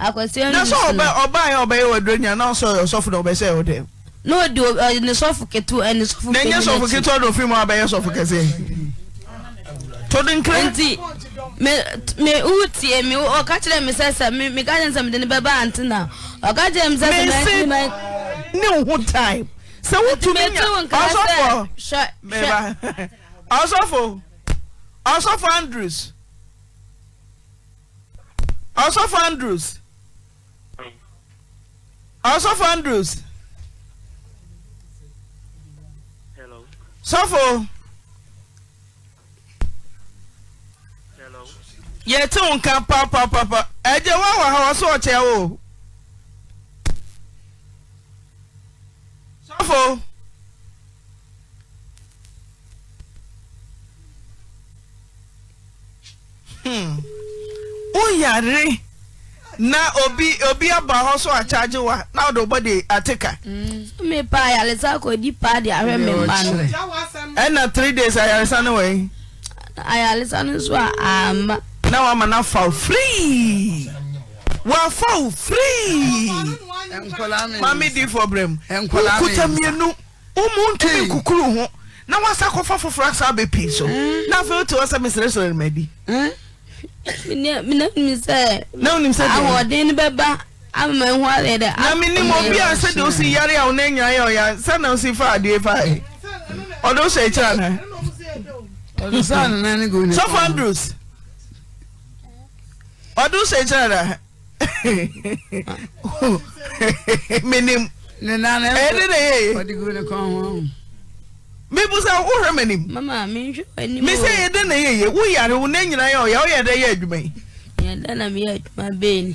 akwasi ɛnu nsu na sɛ ɔbaa yɛ ɔbɛyɛ wɔ aduro nya na ɔsɛ ɔsɔfo na ɔbɛsɛ ɛwɔ dɛm. na odi ɔ ne sɔfo ketewa ɛ ne sɔfo ketewa. na nye sɔfo ketewa na ofin mu abɛyɛ sɔfo kɛseɛ. tɔdi nkiri. nti me me uhu tie mi ɔka kyerɛ mi sɛ sɛ mi mi ka kyerɛ mi sɛ mi de ne bɛ ba ante na ɔka kyerɛ mi sɛ sɛ mi ɛti mi. ne ho time sɛ wotumi nya ɔsɔfo mɛba (laughs) ɔsɔfo ɔsɔfo andrews ɔsɔfo andrews ọsọfọ andrews. Hello. sọfọ. Hello. yẹtí nǹkan papapapa ẹjẹ wà wà wà sọ ọ̀kyẹ́ o. sọfọ. Hmm. Ó yàrá na obi obi aba hɔ so akyagye wa na ɔde ɔbɔ de ateka. mi mm. pa ayaresa kò di pa de ahwɛ mi ma no. ɛna three days ayaresa no wɔ yi. ayaresa no nso a ama. na wama na faw free wafaw free. maame di fɔ brɛ mu. nkuta mmienu umu ntumi nkukuru ho na wasa kɔfa foforɔ asa abɛ pii so mm. na afei o ti wasa mesrɛsrɛ mɛ di. Eh? ahoɔden no bɛba ayɛ dɛ na menim obi a sɛdeɛ wosi yare a wo no anya yɛ ɔyɛ sɛ na wosi fa adeɛ fae ɔde na sɔfo andrews ɔde wohyɛ akyira (laughs) na menim ɛne na mibusa wohwɛ m'anim mama menhwɛ w'anim mesɛ yɛdɛ na yɛyɛ woyare wo na nyina yɛ ɔyɛ woyɛ dɛ yɛ adwuma yi yɛdɛ na meyɛ adwuma bɛɛni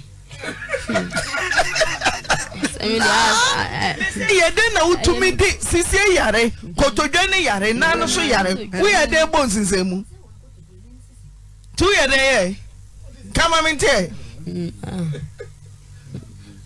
yɛdɛ na wotumi de sisie yare kotodwa ne yare na no so yare woyɛ dɛ bɔ nsinsɛn mu nti woyɛ dɛ yɛ kama me nteɛ mm, ah.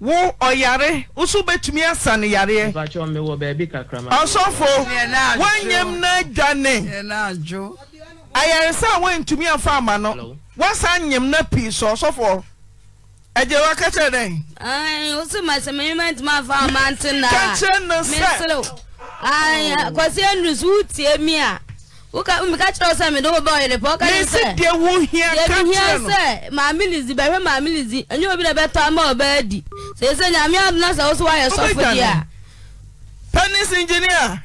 wo ɔyare woso bɛtumi asa ne yareɛ ɔsɔfo woanyam no adwane ayaresa a woantumi afa ama no woasa nyam no pii so ɔsɔfoɔ ɛgye waka kyerɛ dɛn ka kyerɛ no sɛ kwasi andrews wotie mi a woka mika kyerɛ sɛ mede wo bɛɔyere pɛ woka sɛdeɛ wohia sɛ maame lizi bɛhwɛ maame lizi ɛnyɛ obi na bɛtɔ ama ɔbɛadi sɛ sɛ nyame adona sɛ wo so woayɛ sɔfo deɛ a panis engineer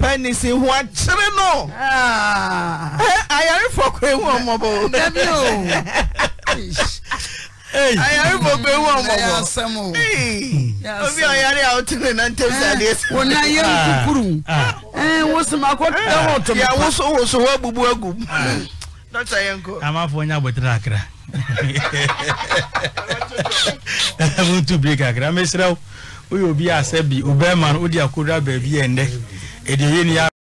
panis ho akyere no ayarefo kora hu ɔmmɔbɔ ayari bɔ bɛ wɔ mɔmɔ obi ɔyari ah. ah. ah. a wotu ne nan tɛ sa de. wọn na ye nkukuru ɛɛ wosoma ko tɛ wɔ tɔmɔ. ya woso woso wa bubu egu. dɔkita yɛn ko. a ma fɔ n y'a bɔ tɛrɛ akira. mo tu bi kakira n bɛ siraw o y'o bi a sɛ bi o bɛɛ ma o di a ko da bɛɛ bi yɛn dɛ. èdè yé ni y'a.